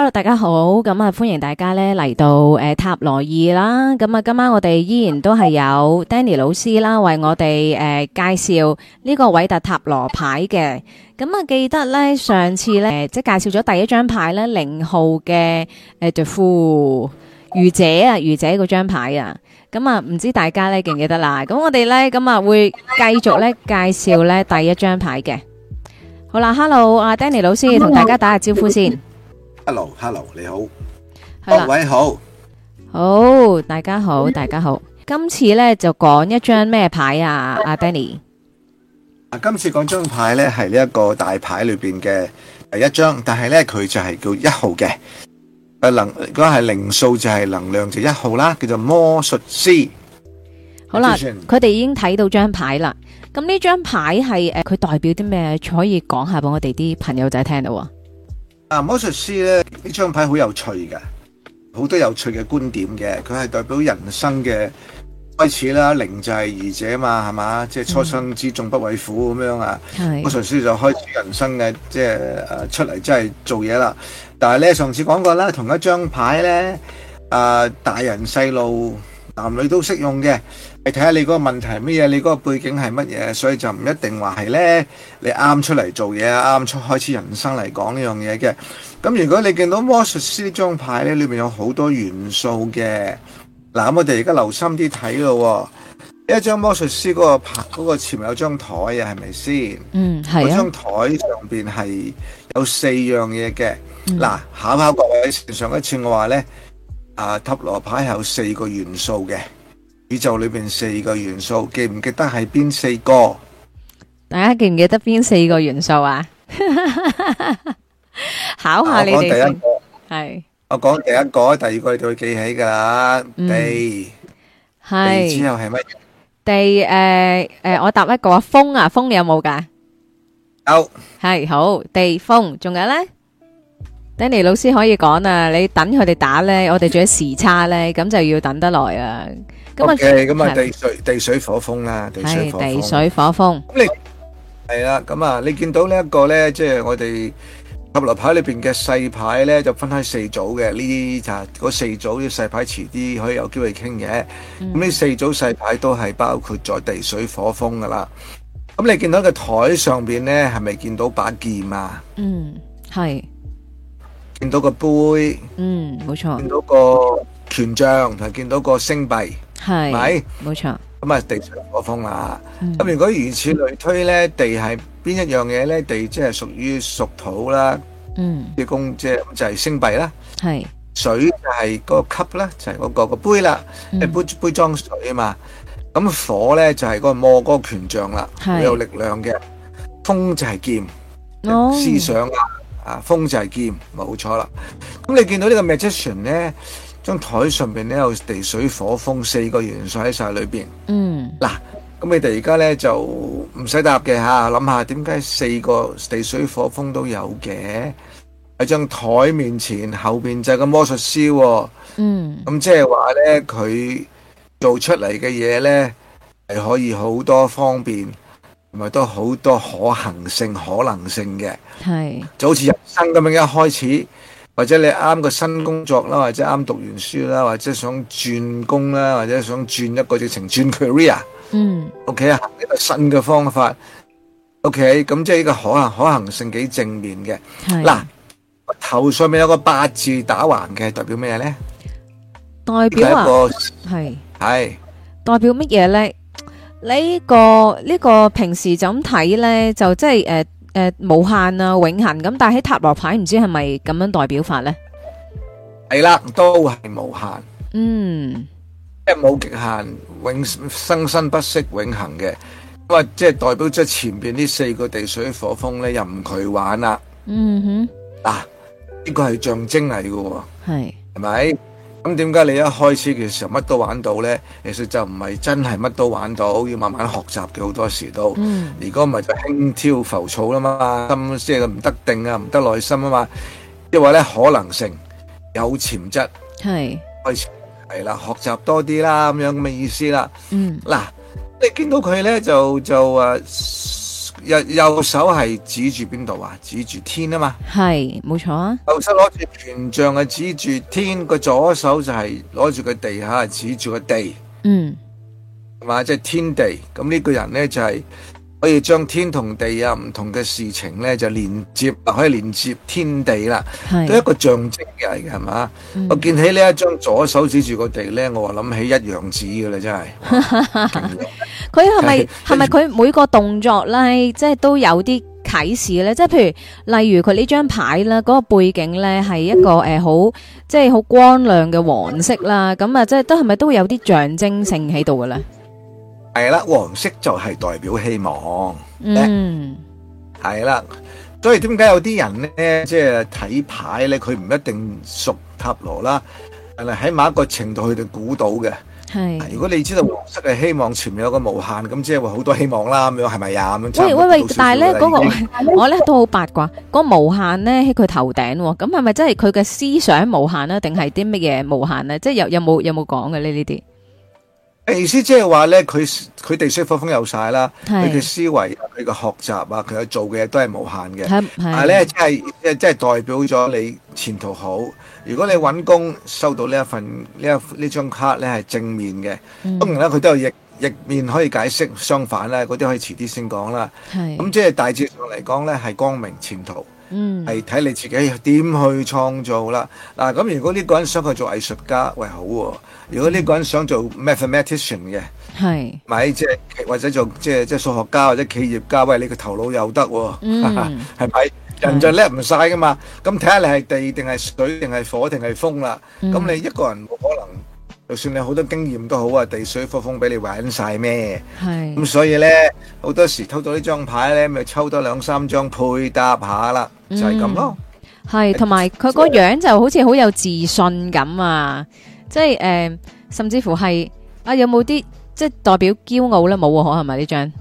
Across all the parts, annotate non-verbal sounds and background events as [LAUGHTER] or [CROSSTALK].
hello，大家好，咁啊，歡迎大家咧嚟到，誒、呃、塔羅二啦。咁啊，今晚我哋依然都係有 Danny 老師啦，為我哋誒、呃、介紹呢個韋特塔羅牌嘅。咁啊，記得咧上次咧、呃、即係介紹咗第一張牌咧零號嘅誒，The Fool 愚者啊，愚者嗰張牌啊。咁啊，唔知大家咧記唔記得啦？咁我哋咧咁啊會繼續咧介紹咧第一張牌嘅。好啦，hello，啊 Danny 老師同、嗯、大家打下招呼先。嗯 Hello，Hello，Hello，你好，各位好，好、oh，大家好，大家好。今次咧就講一張咩牌啊，阿、oh. Danny。今次講張牌咧係呢一個大牌裏邊嘅第一張，但係咧佢就係叫一號嘅。誒，能嗰係零數就係、是、能量就是、一號啦，叫做魔術師。好啦，佢哋已經睇到張牌啦。咁呢張牌係誒，佢代表啲咩？可以講下俾我哋啲朋友仔聽到。嗱、啊、魔術師咧呢張牌好有趣嘅，好多有趣嘅觀點嘅，佢係代表人生嘅開始啦，零就係愚者啊嘛，係嘛，即係初生之犢不畏虎咁樣啊、嗯。魔術師就開始人生嘅，即係誒出嚟，即係做嘢啦。但係咧，上次講過啦，同一張牌咧，誒、呃、大人細路男女都適用嘅。係睇下你嗰個問題係咩嘢，你嗰個背景係乜嘢，所以就唔一定話係咧。你啱出嚟做嘢，啱出開始人生嚟講呢樣嘢嘅。咁如果你見到魔術師呢張牌咧，裏面有好多元素嘅。嗱，我哋而家留心啲睇咯。一張魔術師嗰個牌，嗰個前面有張台啊，係咪先？嗯，係啊。張台上邊係有四樣嘢嘅。嗱、嗯，考考各位，上一次我話咧，啊塔羅牌係有四個元素嘅。宇宙裏邊四個元素，記唔記得係邊四個？大家記唔記得邊四個元素啊？考下你哋。係，我講第一個，第二個你就會記起噶啦。地，地之後係乜？地誒誒，我答一個，風啊風你有冇噶？有，係好地風，仲有咧。Danny 老師可以講啦，你等佢哋打咧，我哋仲有時差咧，咁就要等得耐啊。咁啊，O K，咁啊地水地水火風啦，地水火風。係地水火風。咁你係啦，咁啊，你見到呢一個咧，即係我哋六合牌裏邊嘅細牌咧，就分開四組嘅。呢啲就係嗰四組啲細牌，遲啲可以有機會傾嘅。咁呢四組細牌都係包括在地水火風噶啦。咁你見到個台上邊咧，係咪見到把劍啊？嗯，係。見到個杯，嗯，冇錯。見到個權杖，同埋見到個星幣，係咪？冇錯。咁啊，地就係火風啦。咁如果如此類推咧，地係邊一樣嘢咧？地即係屬於屬土啦。嗯，啲公即係就係星幣啦。係，水就係個 cup 啦，就係嗰個個杯啦。杯杯裝水啊嘛。咁火咧就係嗰個摩哥權杖啦，好有力量嘅。風就係劍，思想啊。風就係劍，冇錯啦。咁你見到呢個 magician 呢，張台上面呢有地水火風四個元素喺曬裏面。嗯，嗱，咁你哋而家呢，就唔使答嘅，下諗下點解四個地水火風都有嘅喺張台面前後面就係個魔術師喎。哦。嗯，咁即係話呢，佢做出嚟嘅嘢呢，係可以好多方便。咪都好多可行性可能性嘅，係就好似人生咁樣一開始，或者你啱個新工作啦，或者啱讀完書啦，或者想轉工啦，或者想轉一個職程轉 career，嗯，OK 啊，呢個新嘅方法，OK，咁即係呢個可行可行性幾正面嘅。嗱，頭上面有個八字打橫嘅代表咩咧？代表啊，係係代表乜嘢咧？呢、這個呢、這個平時就咁睇咧，就即係誒誒無限啊永恒咁、啊，但係喺塔羅牌唔知係咪咁樣代表法咧？係啦，都係無限，嗯，即係冇極限，永生生不息永，永恒嘅。咁啊即係代表咗前邊呢四個地水火風咧，任佢玩啦，嗯哼，嗱、啊、呢、這個係象徵嚟嘅，係咪？是咁點解你一開始嘅時候乜都玩到咧？其實就唔係真係乜都玩到，要慢慢學習嘅好多時都。如果唔係就輕佻浮躁啊嘛，咁即係唔得定啊，唔得耐心啊嘛。即話咧可能性有潛質，係開始啦，學習多啲啦，咁樣咁嘅意思啦。嗱、嗯，你見到佢咧就就、啊右右手係指住邊度啊？指住天啊嘛，係冇錯啊。右手攞住權杖啊，指住天，個左手就係攞住個地下，指住個地，嗯，係嘛，即係天地。咁呢個人咧就係。可以將天和地和同地啊，唔同嘅事情咧就連接，可以連接天地啦。係都一個象徵嚟嘅，係嘛、嗯？我見起呢一張左手指住個地咧，我話諗起一樣子嘅啦，真係。佢係咪係咪佢每個動作咧，即、就、係、是、都有啲啟示咧？即、就、係、是、譬如，例如佢呢張牌啦，嗰個背景咧係一個誒好即係好光亮嘅黃色啦。咁啊，即係都係咪都有啲象徵性喺度嘅咧？係啦，黃色就係代表希望。嗯，係啦，所以點解有啲人咧，即係睇牌咧，佢唔一定熟塔羅啦，係咪喺某一個程度佢哋估到嘅？係。如果你知道黃色係希望，前面有個無限，咁即係話好多希望啦，咁樣係咪呀？咁樣。喂喂喂，少少但係咧、那個，嗰個 [LAUGHS] 我咧都好八卦，嗰、那個、無限咧喺佢頭頂、哦，咁係咪真係佢嘅思想無限啊？定係啲乜嘢無限啊？即、就、係、是、有有冇有冇講嘅呢呢啲？意思即係話咧，佢佢哋水火風有晒啦，佢嘅思維、佢嘅學習啊，佢做嘅嘢都係無限嘅。係、嗯、咧，即係即係代表咗你前途好。如果你揾工收到呢一份呢一呢張卡咧，係正面嘅、嗯。當然啦，佢都有逆逆面可以解釋，相反咧，嗰啲可以遲啲先講啦。係咁，即係大致上嚟講咧，係光明前途。嗯，係睇你自己點去創造啦。嗱，咁如果呢個人想去做藝術家，喂好喎；如果呢個人想做 mathematician 嘅，係咪即係或者做即係即係數學家或者企業家，喂你個頭腦又得喎，係咪？人就叻唔晒噶嘛。咁睇下你係地定係水定係火定係風啦。咁你一個人冇可能。就算你好多經驗都好啊，地水火風俾你玩晒咩？係咁，所以咧好多時偷到呢張牌咧，咪抽多兩三張配搭下啦，嗯，就係、是、咁咯。係同埋佢個樣就好似好有自信咁啊！即係誒、呃，甚至乎係啊，有冇啲即係代表驕傲咧？冇可係咪呢張？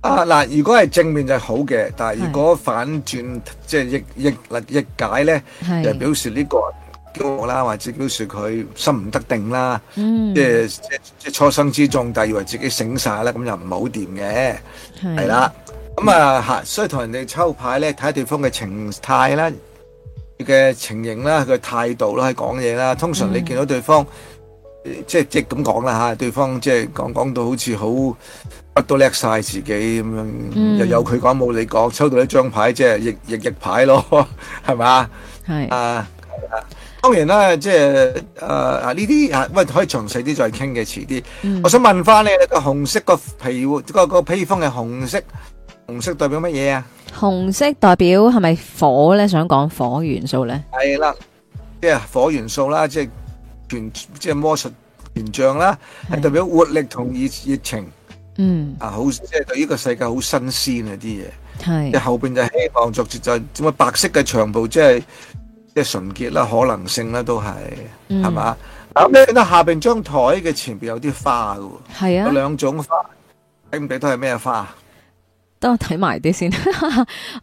啊嗱，如果係正面就好嘅，但係如果反轉即係逆逆逆，逆解咧，就係、表示呢、呢個。叫我啦，或者表示佢心唔得定啦，即係即係初生之種，但係以為自己醒曬咧，咁又唔好掂嘅，係啦。咁啊，吓，所以同人哋抽牌咧，睇下對方嘅情態啦，佢嘅情形啦，佢態度啦，係講嘢啦。通常你見到對方，即係即係咁講啦吓，對方即係講講到好似好乜都叻曬自己咁樣，又有佢講冇你講，抽到一張牌即係逆逆逆牌咯，係咪？係啊。當然啦，即係誒啊呢啲啊，喂、呃，可以詳細啲再傾嘅，遲啲、mm.。我想問翻你，個紅色個皮、這個皮個個披風係紅色，紅色代表乜嘢啊？紅色代表係咪火咧？想講火元素咧？係啦，即係火元素啦，即係全即係魔術權杖啦，係代表活力同熱熱情。嗯、mm -hmm.。啊，好，即係對呢個世界好新鮮啊啲嘢。係。後邊就希望作就咁啊，白色嘅長袍即係。即係純潔啦，可能性咧都係，係嘛？嗱，你睇下，下邊張檯嘅前邊有啲花噶，係啊，有兩種花，睇唔睇到係咩花？等我睇埋啲先，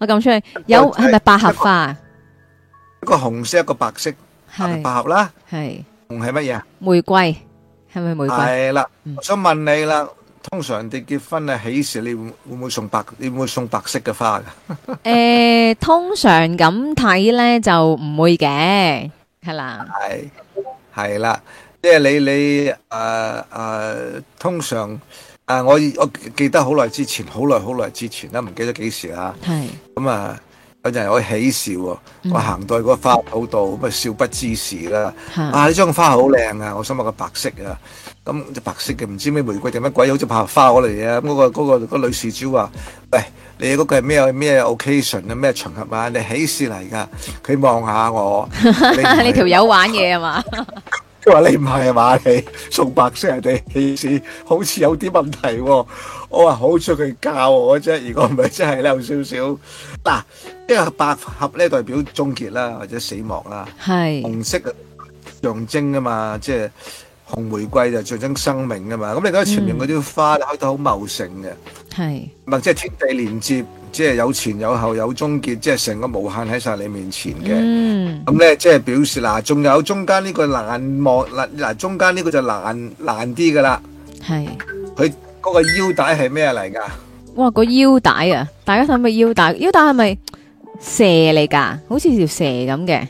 我撳出去，有係咪百合花？一個紅色，一個白色，係百合啦。係紅係乜嘢？玫瑰係咪玫瑰？係啦，我想問你啦。通常你結婚啊，喜事你會會唔會送白你會唔會送白色嘅花噶？誒、 [LAUGHS] 欸，通常咁睇咧就唔會嘅，係啦，係係啦，即係你你誒誒、呃呃，通常、呃、我我記得好耐之前，好耐好耐之前啦，唔記得幾時啦，係咁啊。嗯呃有可以喜笑喎，我行到去嗰個花口度，咁、嗯、咪笑不知事啦、啊。啊，呢張花好靚啊，我想問個白色啊。咁、嗯、隻白色嘅唔知咩玫瑰定乜鬼，好似百合花嗰類嘢。咁、那、嗰個、那個、那個女士主話，喂，你嗰個係咩咩 occasion 啊？咩場合啊？你喜事嚟噶？佢望下我，你條友 [LAUGHS] 玩嘢啊嘛？ [LAUGHS] 佢話：你唔係啊嘛，你送白色人哋意思好似有啲問題喎，哦。我話：好在佢教我啫，如果唔係真係咧有少少。嗱、啊，因為百合咧代表終結啦，或者死亡啦。係。紅色象徵啊嘛，即係紅玫瑰就象徵生命啊嘛。咁你睇前面嗰啲花開得好茂盛嘅。係。或者係天地連接。即係有前有後有終結，即係成個無限喺晒你面前嘅。咁咧，即係表示嗱，仲有中間呢個難望嗱嗱，中間呢個就難難啲噶啦。係佢嗰個腰帶係咩嚟噶？哇，個腰帶啊！大家睇唔睇腰帶？腰帶係咪蛇嚟噶？好似條蛇咁嘅。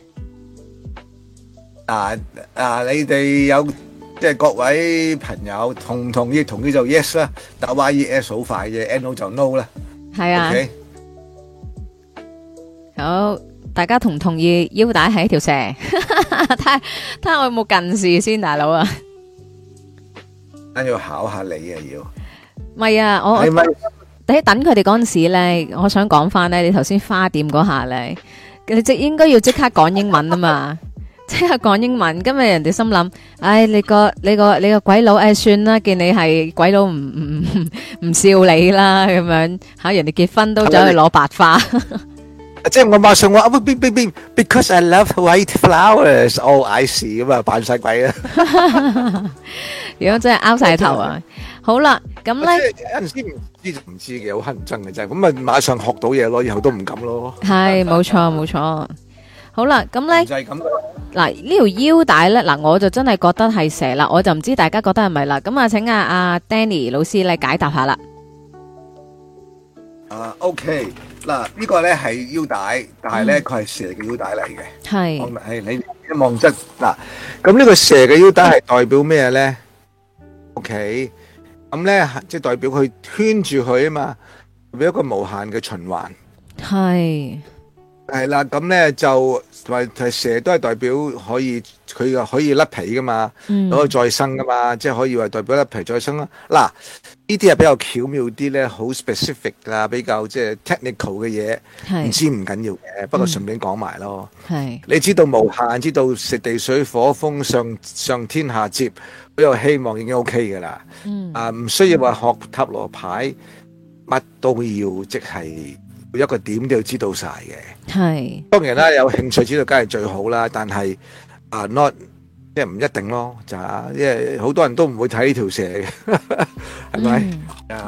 嗱嗱，你哋有即係各位朋友同唔同意？同意就 yes 啦，打 yes 好快嘅。no 就 no 啦。係啊，好，大家同唔同意腰帶係一條蛇？睇下睇下我有冇近視先，大佬啊！我要考下你啊，要。唔係啊，我係咪？喺等佢哋嗰陣時咧，我想講翻咧，你頭先花店嗰下咧，你即應該要即刻講英文啊嘛。即係講英文，今日人哋心諗，唉，你個你個你個鬼佬，唉，算啦，見你係鬼佬，唔唔唔唔笑你啦，咁樣吓人哋結婚都走去攞白花，即係我馬上話，because I love white flowers，oh I see，咁啊扮晒鬼啦，如果真係拗晒頭啊，好啦，咁咧，有陣時唔知就唔知嘅，好乞憎嘅真，咁啊馬上學到嘢咯，以後都唔敢咯，係，冇錯冇錯。好啦，咁咧，就係咁，嗱，呢條腰帶咧，嗱，我就真係覺得係蛇啦，我就唔知大家覺得係咪啦，咁啊請阿阿 Danny 老師咧，解答下啦。啊，OK，嗱呢個咧係腰帶，但係咧，佢係蛇嘅腰帶嚟嘅。係，係你望真嗱，咁呢個蛇嘅腰帶係代表咩咧？OK，咁咧即係代表佢圈住佢啊嘛，俾一個無限嘅循環。係。係啦，咁咧就話係蛇都係代表可以，佢又可以甩皮噶嘛，都、嗯就是、可以再生噶嘛，即係可以話代表甩皮再生啦。嗱、啊，呢啲係比較巧妙啲咧，好 specific 啦，比較即係 technical 嘅嘢，唔知唔緊要嘅，不過順便講埋咯。係、嗯、你知道無限，知道食地水火風上上天下接，比較希望已經 OK 噶啦。嗯，啊，唔需要話學塔羅牌，乜都要即係。就是一個點都要知道晒嘅，係當然啦，有興趣知道梗係最好啦。但係啊，not 即係唔一定咯，就係，因為好多人都唔會睇呢條蛇嘅，係咪？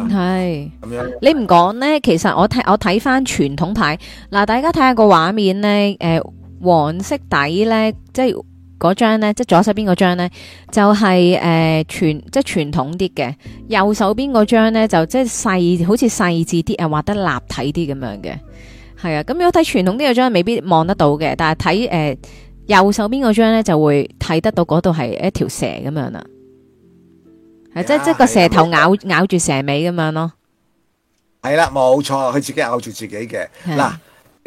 係咁樣，你唔講咧，其實我睇我睇翻傳統牌嗱，大家睇下個畫面咧，誒，黃色底咧，即係。嗰張咧，即係左手邊嗰張咧，就係誒傳即係傳統啲嘅；右手邊嗰張咧，就即係細好似細緻啲，誒畫得立體啲咁樣嘅。係啊，咁如果睇傳統啲嘅張，未必望得到嘅；但係睇誒右手邊嗰張咧，就會睇得到嗰度係一條蛇咁樣啦。係、yeah, 即即個蛇頭咬 yeah, 咬住蛇尾咁樣咯 yeah, 對。係啦，冇錯，佢自己咬住自己嘅嗱。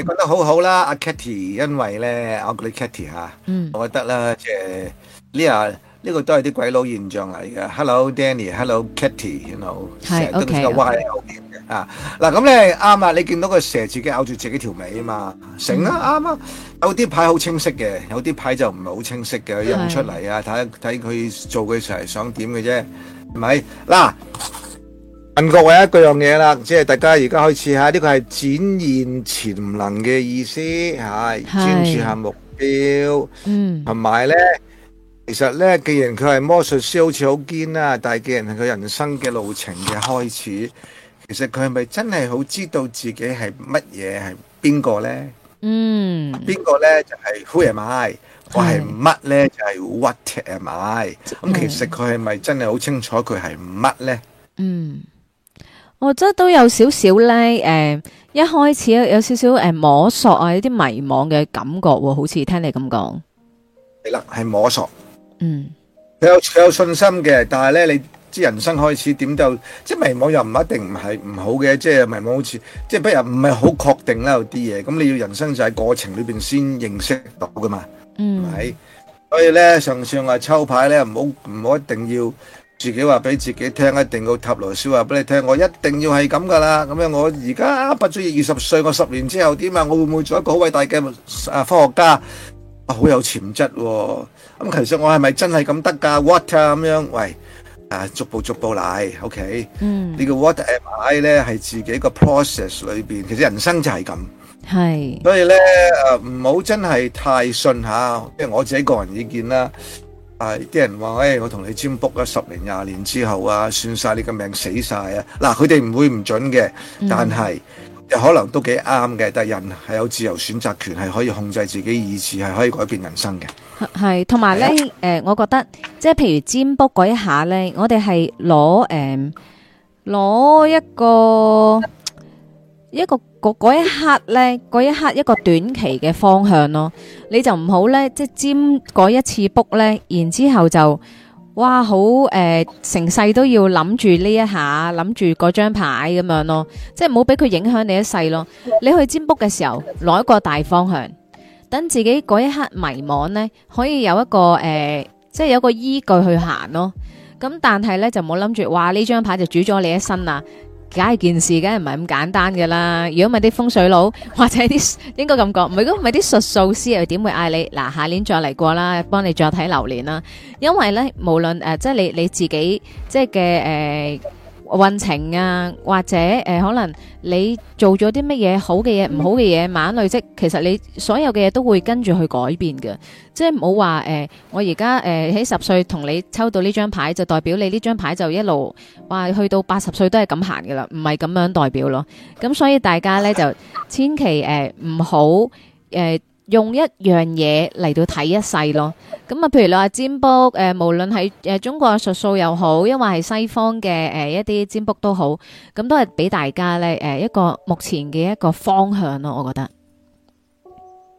你覺得好好啦，阿、啊、Katy，因為咧，我講啲 Katy 嚇、嗯，我覺得啦，即係呢啊呢個都係啲鬼佬現象嚟嘅。Hello Danny，Hello Katy，t 你 you know 成日都比較歪啲、嗯、啊。嗱咁咧啱啦，你見到個蛇自己咬住自己條尾啊嘛，成啊啱、嗯、啊。有啲牌好清晰嘅，有啲牌就唔係好清晰嘅，印唔出嚟啊。睇睇佢做嘅時候想點嘅啫，係咪嗱？啊。問各位一個樣嘢啦，即係大家而家開始吓，呢個係展現潛能嘅意思，吓，專注下目標，嗯，同埋咧，其實咧，既然佢係魔術師，好似好堅呀，但係既然係佢人生嘅路程嘅開始，其實佢係咪真係好知道自己係乜嘢係邊個咧？嗯，邊個咧就係、是、Who am I？是我係乜咧就係、是、What am I？咁其實佢係咪真係好清楚佢係乜咧？嗯。我覺得都有少少咧，誒，一開始有有少少誒摸索啊，有啲迷惘嘅感覺，好似聽你咁講，係啦，係摸索，嗯，佢有佢有信心嘅，但係咧你知人生開始點就即係迷惘，又唔一定唔係唔好嘅，即係迷惘好似即係不如唔係好確定啦，有啲嘢，咁你要人生就喺過程裏邊先認識到噶嘛，嗯，係，所以咧，上上話抽牌咧，唔好唔好一定要。自己話俾自己聽，一定要塔羅斯話俾你聽。我一定要係咁噶啦。咁樣我而家畢咗業二十歲，我十年之後點啊？我會唔會做一個好偉大嘅啊科學家？好有潛質。咁其實我係咪真係咁得噶？What 啊咁樣？喂，啊，逐步逐步嚟。OK。嗯。呢個 What am I 咧？係自己個 process 裏邊。其實人生就係咁。係。所以咧，誒，唔好真係太信吓。即係我自己個人意見啦。啊！啲人話誒，我同你占卜咗，十年廿年之後啊，算晒你個命死晒啊！嗱，佢哋唔會唔準嘅，但係又可能都幾啱嘅。但係人係有自由選擇權，係可以控制自己意志，係可以改變人生嘅。係，同埋咧，誒，我覺得即係譬如占卜嗰一下咧，我哋係攞誒，攞一個一個。嗰一刻呢，嗰一刻一個短期嘅方向咯，你就唔好呢，即係占嗰一次卜呢，然之後就哇好、呃、成世都要諗住呢一下，諗住嗰張牌咁樣咯，即係唔好俾佢影響你一世咯。你去占卜嘅時候，攞一個大方向，等自己嗰一刻迷茫呢，可以有一個、呃、即係有一個依據去行咯。咁但係呢，就唔好諗住哇呢張牌就煮咗你一身啦。梗係件事，梗係唔係咁簡單噶啦！如果唔係啲風水佬，或者啲，應該咁講，唔係唔係啲術數師，又點會嗌你？嗱，下年再嚟過啦，幫你再睇流年啦。因為咧，無論誒、呃，即係你你自己，即係嘅誒。呃運程啊，或者、呃、可能你做咗啲乜嘢好嘅嘢，唔好嘅嘢，慢慢、嗯、累積其實你所有嘅嘢都會跟住去改變嘅，即係唔好話誒，我而家誒喺十歲同你抽到呢張牌，就代表你呢張牌就一路話去到八十歲都係咁行㗎啦，唔係咁樣代表咯。咁所以大家咧就千祈誒唔好誒。呃用一樣嘢嚟到睇一世咯，咁啊，譬如你話占卜，誒，無論係誒中國嘅術數又好，因為係西方嘅誒一啲占卜都好，咁都係俾大家咧誒一個目前嘅一個方向咯，我覺得。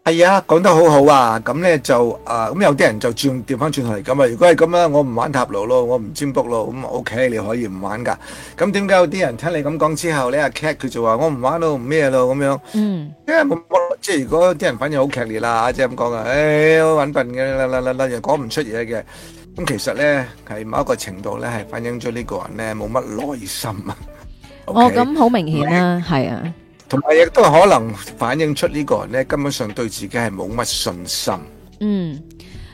係、哎、啊，講得好好啊，咁咧就啊，咁有啲人就轉調翻轉去嚟咁啊。如果係咁啦，我唔玩塔羅咯，我唔占卜咯，咁 OK，你可以唔玩噶。咁點解有啲人聽你咁講之後，你啊 cat 佢就話我唔玩咯，唔咩咯咁樣？嗯，因、啊、為即係如果啲人反應好劇烈啦，即係咁講啊，唉，好、哎、穩笨嘅啦啦啦啦，又講唔出嘢嘅。咁其實咧，係某一個程度咧，係反映咗呢個人咧冇乜耐心啊。哦，咁 [LAUGHS] 好、okay? 哦、明顯啦，係啊。 [LAUGHS] 同埋亦都可能反映出呢、這個人咧，根本上對自己係冇乜信心。嗯，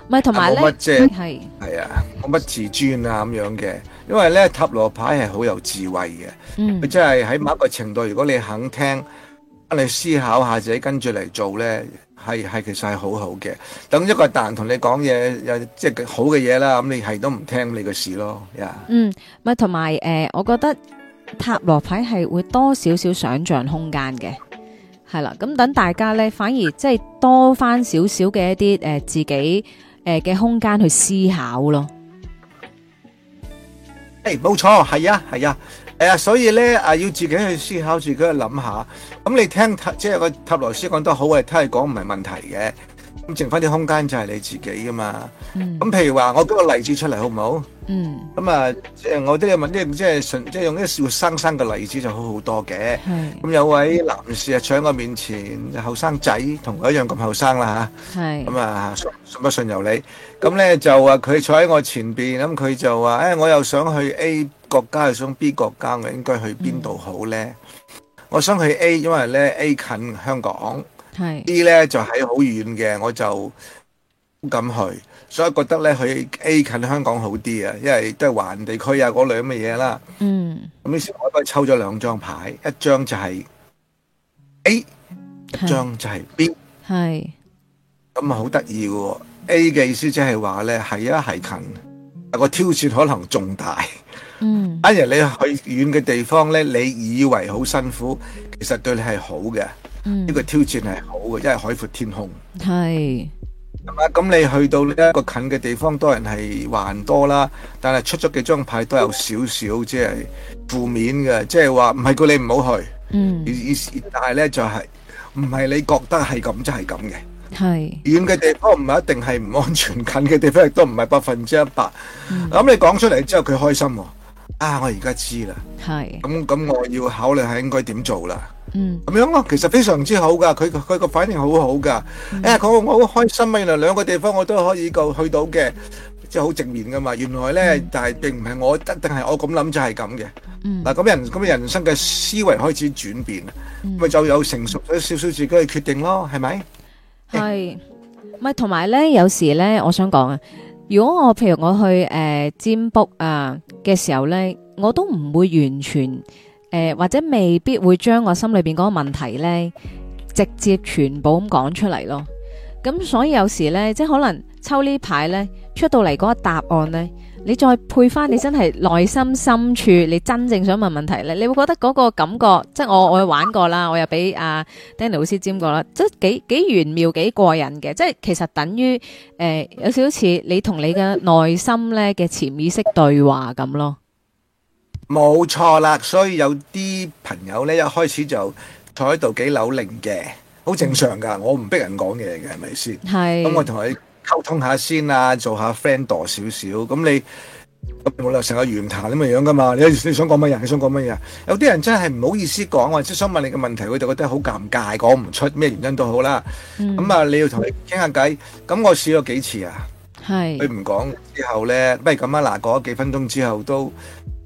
咪同埋咧，冇乜即係啊，冇乜自尊啊咁樣嘅。因為咧，塔羅牌係好有智慧嘅。嗯，佢真係喺某一個程度，如果你肯聽，你思考下自己跟住嚟做咧，係係其實係好好嘅。等一個大人同你講嘢，有即係好嘅嘢啦。咁你係都唔聽，你個事咯。嗯，咪同埋誒，我覺得。塔羅牌係會多少少想象空間嘅，係啦，咁等大家咧，反而即係多翻少少嘅一啲誒自己誒嘅空間去思考咯。誒，冇錯，係啊，係啊，誒、呃，所以咧啊，要自己去思考，自己去諗下。咁、嗯、你聽即係個塔羅師講得好，係聽佢講唔係問題嘅。咁剩翻啲空間就係你自己噶嘛。咁譬如話，我舉個例子出嚟好唔好？嗯。咁啊，即係我都有問，即係純，即係用啲笑生生嘅例子就好好多嘅。係。咁有位男士啊，坐喺我面前，後生仔同我一樣咁後生啦嚇。係。咁啊，信不信由你。咁咧就話佢坐喺我前邊，咁佢就話：誒，我又想去 A 國家，又想 B 國家，我應該去邊度好咧？我想去 A，因為咧 A 近香港。B 咧，就喺好遠嘅，我就咁去，所以覺得咧去 A 近香港好啲啊，因為都係環地區啊嗰兩嘅嘢啦。嗯，咁於是我又抽咗兩張牌，一張就係 A，是一張就係 B 是。係，咁啊好得意喎。A 嘅意思即係話咧係啊係近，但，那個挑戰可能重大。嗯，反而你去遠嘅地方咧，你以為好辛苦，其實對你係好嘅。呢個挑戰係好嘅，因為海闊天空。係，咁啊，咁你去到呢一個近嘅地方，當然係還多啦，但係出咗幾張牌都有少少，即係負面嘅，即係話唔係叫你唔好去。嗯，但係咧就係唔係你覺得係咁就係咁嘅。係遠嘅地方唔係一定係唔安全，近嘅地方亦都唔係百分之一百。咁你講出嚟之後，佢開心啊！我而家知啦。係。咁咁，我要考慮係應該點做啦。嗯，咁樣咯，其實非常之好噶，佢佢個反應好好噶，誒，佢我好開心啊，原來兩個地方我都可以夠去到嘅，即係好直面噶嘛，原來咧，但係並唔係我一定係我咁諗就係咁嘅，嗱咁人咁人生嘅思維開始轉變，咪就有成熟咗少少自己嘅決定咯，係咪？係，咪同埋咧，有時咧，我想講啊，如果我譬如我去誒占卜啊嘅時候咧，我都唔會完全。誒、呃，或者未必會將我心裏邊嗰個問題呢直接全部咁講出嚟咯。咁所以有時呢即係可能抽呢排呢出到嚟個答案呢，你再配翻你真係內心深處你真正想問問題呢，你會覺得嗰個感覺，即係我我玩過啦，我又俾阿、啊、Danny 老師占過啦，即係幾幾玄妙幾過癮嘅，即係其實等於誒、呃、有少少似你同你嘅內心咧嘅潛意識對話咁咯。冇錯啦，所以有啲朋友咧，一開始就坐喺度幾扭擰嘅，好正常噶。我唔逼人講嘢嘅，係咪先？係咁，我同佢溝通下先啊，做下 friend 多少少。咁你咁冇啦，成個圓談咁嘅樣噶嘛？你你想講乜嘢？你想講乜嘢？有啲人真係唔好意思講，我即係想問你嘅問題，佢就覺得好尷尬，講唔出咩原因都好啦。咁啊，你要同佢傾下偈。咁我試咗幾次啊？係佢唔講之後咧，不如咁啊嗱，過咗幾分鐘之後都。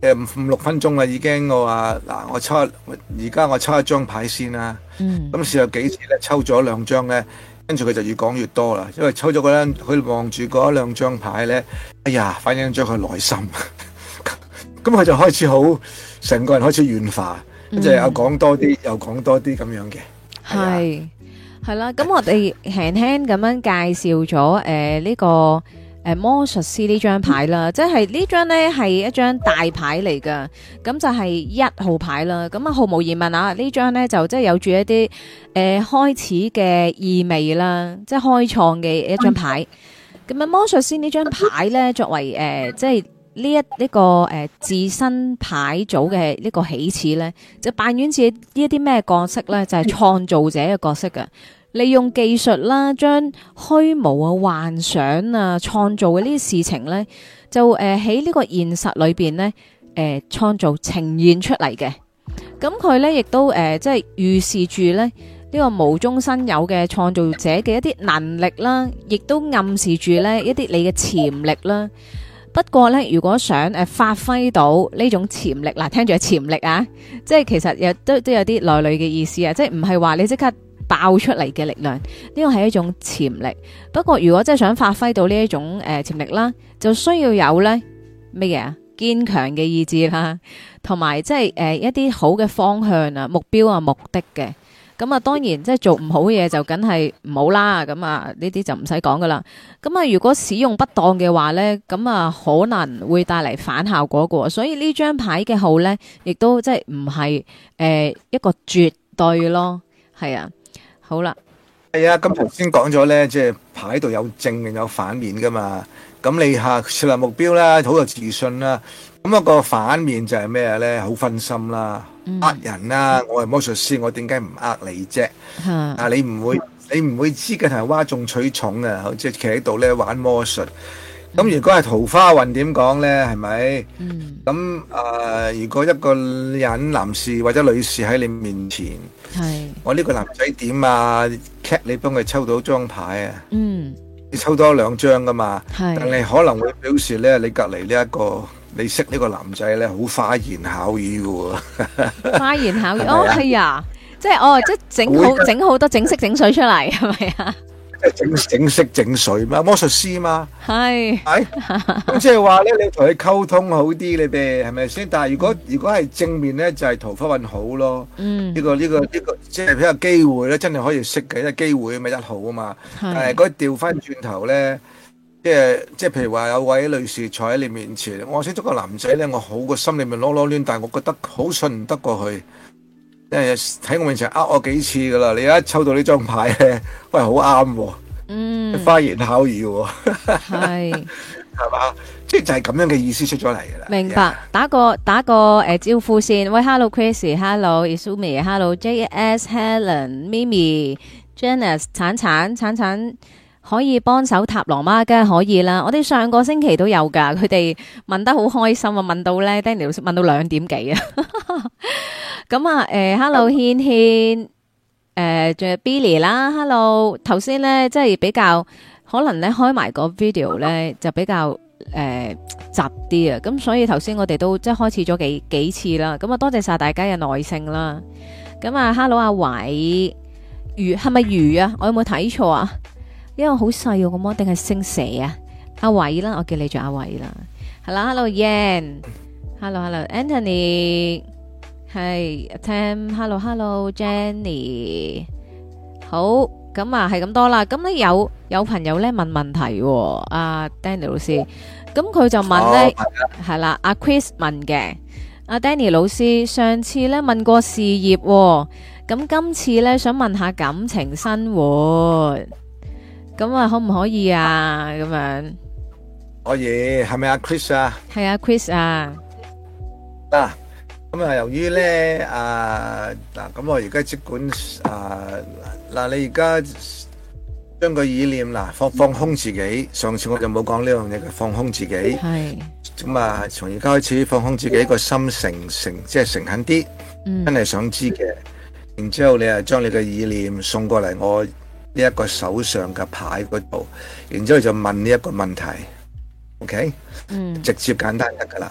誒，五六分鐘啦，已經我話嗱，我抽，而家我抽一張牌先啦。嗯。咁試咗幾次咧，抽咗兩張咧，跟住佢就越講越多啦。因為抽咗嗰張，佢望住嗰兩張牌咧，哎呀，反映咗佢內心。咁、 [LAUGHS] 嗯，佢、 [LAUGHS] 嗯、 [LAUGHS] 就開始好，成個人開始軟化，跟住又講多啲，又講多啲咁樣嘅。係係啦，咁我哋輕輕咁樣介紹咗誒呢個。誒、呃，魔術師呢張牌啦，即係呢張呢係一張大牌嚟㗎，咁就係一號牌啦。咁啊，毫無疑問啊，張呢張呢就即係有住一啲誒、呃、開始嘅意味啦，即係開創嘅一張牌。咁啊，魔術師呢張牌呢作為誒、呃、即係呢一呢、這個誒、呃、自身牌組嘅呢個起始呢，就扮演住呢一啲咩角色呢？就係、是、創造者嘅角色㗎。利用技術啦，將虛無啊、幻想啊、創造嘅呢啲事情呢，就誒喺呢個現實裏邊呢，誒、呃、創造呈現出嚟嘅。咁佢呢亦都誒、呃，即係預示住呢，呢、呢個無中生有嘅創造者嘅一啲能力啦，亦都暗示住呢一啲你嘅潛力啦。不過呢，如果想誒發揮到呢種潛力，嗱，聽住潛力啊，即係其實亦都都有啲內裏嘅意思啊，即係唔係話你即刻。爆出嚟嘅力量呢個係一種潛力，不過如果真係想發揮到呢一種誒潛力啦，就需要有呢咩嘢堅強嘅意志啦，同埋即係誒一啲好嘅方向啊、目標啊、目的嘅咁啊。當然即係做唔好嘢就梗係唔好啦。咁啊呢啲就唔使講噶啦。咁啊，如果使用不當嘅話呢，咁啊可能會帶嚟反效果噶。所以呢張牌嘅好呢，亦都即係唔係誒一個絕對咯，係啊。好啦，係啊，咁頭先講咗咧，即係牌度有正面有反面噶嘛，咁你吓設立目標啦，好有自信啦，咁、那、一個反面就係咩咧？好分心啦，呃人啦、啊，我係魔術師，我點解唔呃你啫？啊，你唔會，你唔會知嘅係嘩眾取寵啊，即係企喺度咧玩魔術。咁、嗯、如果係桃花運點講呢？係咪？咁、嗯、啊、呃，如果一個人男士或者女士喺你面前，我呢個男仔點啊？cat 你幫佢抽到張牌啊？嗯，你抽多兩張噶嘛？但係可能會表示呢，你隔籬呢一個，你識呢個男仔呢，好花言巧語噶喎。 [LAUGHS] 花言巧語 [LAUGHS] 哦，係呀、啊，即係哦、嗯、哦，即係整好整好多整色整水出嚟，係咪啊？ [LAUGHS] 即係整整色整水嘛，魔術師嘛，係係咁即係話咧，你同佢溝通好啲你哋係咪先？但係如果如果係正面咧，就係桃花運好咯。嗯，呢個呢個呢個即係比較機會咧，真係可以識嘅，因為機會咁咪得好啊嘛。係，誒，如果調翻轉頭咧，即係即係譬如話有位女士坐喺你面前，我識咗個男仔咧，我好個心裏面囉囉攣，但係我覺得好信唔得過去。睇喺我面前呃我幾次噶啦，你一抽到呢張牌咧，喂好啱、啊，嗯，花言巧語、啊，係係嘛，即 [LAUGHS] 係就係、是、咁樣嘅意思出咗嚟噶啦。明白？Yeah. 打個打個誒、呃、招呼先，喂，Hello Chris，Hello Isumi，Hello J S Helen，Mimi，Janice，橙橙，橙橙，可以幫手塔羅嗎？梗係可以啦，我哋上個星期都有噶，佢哋問得好開心啊，問到咧，Danny 老師問到兩點幾啊。 [LAUGHS] 咁啊，誒，Hello，軒軒，誒，仲有 Billy 啦，Hello，頭先咧即係比較可能咧開埋個 video 咧就比較誒雜啲啊，咁所以頭先我哋都即係開始咗幾幾次啦，咁啊多謝晒大家嘅耐性啦，咁啊，Hello，阿偉，魚係咪魚啊？我有冇睇錯啊？因為好細個麼？定係姓蛇啊？阿偉啦，我叫你做阿偉啦。Hello，Hello，Yan，Hello，Hello，Anthony。係，阿 Tim，hello hello，Jenny，好，咁啊係咁多啦，咁咧有有朋友咧問問題，阿 Danny 老師，咁佢就問咧，係啦，阿 Chris 問嘅，阿 Danny 老師上次咧問過事業，咁今次咧想問下感情生活，咁啊可唔可以啊，咁樣，可以，係咪阿 Chris 啊？係阿 Chris 啊，啊。咁啊，由於咧啊嗱，咁我而家即管啊嗱，你而家將個意念嗱放放空自己。上次我就冇講呢樣嘢，放空自己。係咁啊，從而家開始放空自己個心誠誠，即係誠懇啲，真係想知嘅。然之後你啊，將你嘅意念送過嚟我呢一個手上嘅牌嗰度，然之後就問呢一個問題。OK，嗯，直接簡單得㗎喇。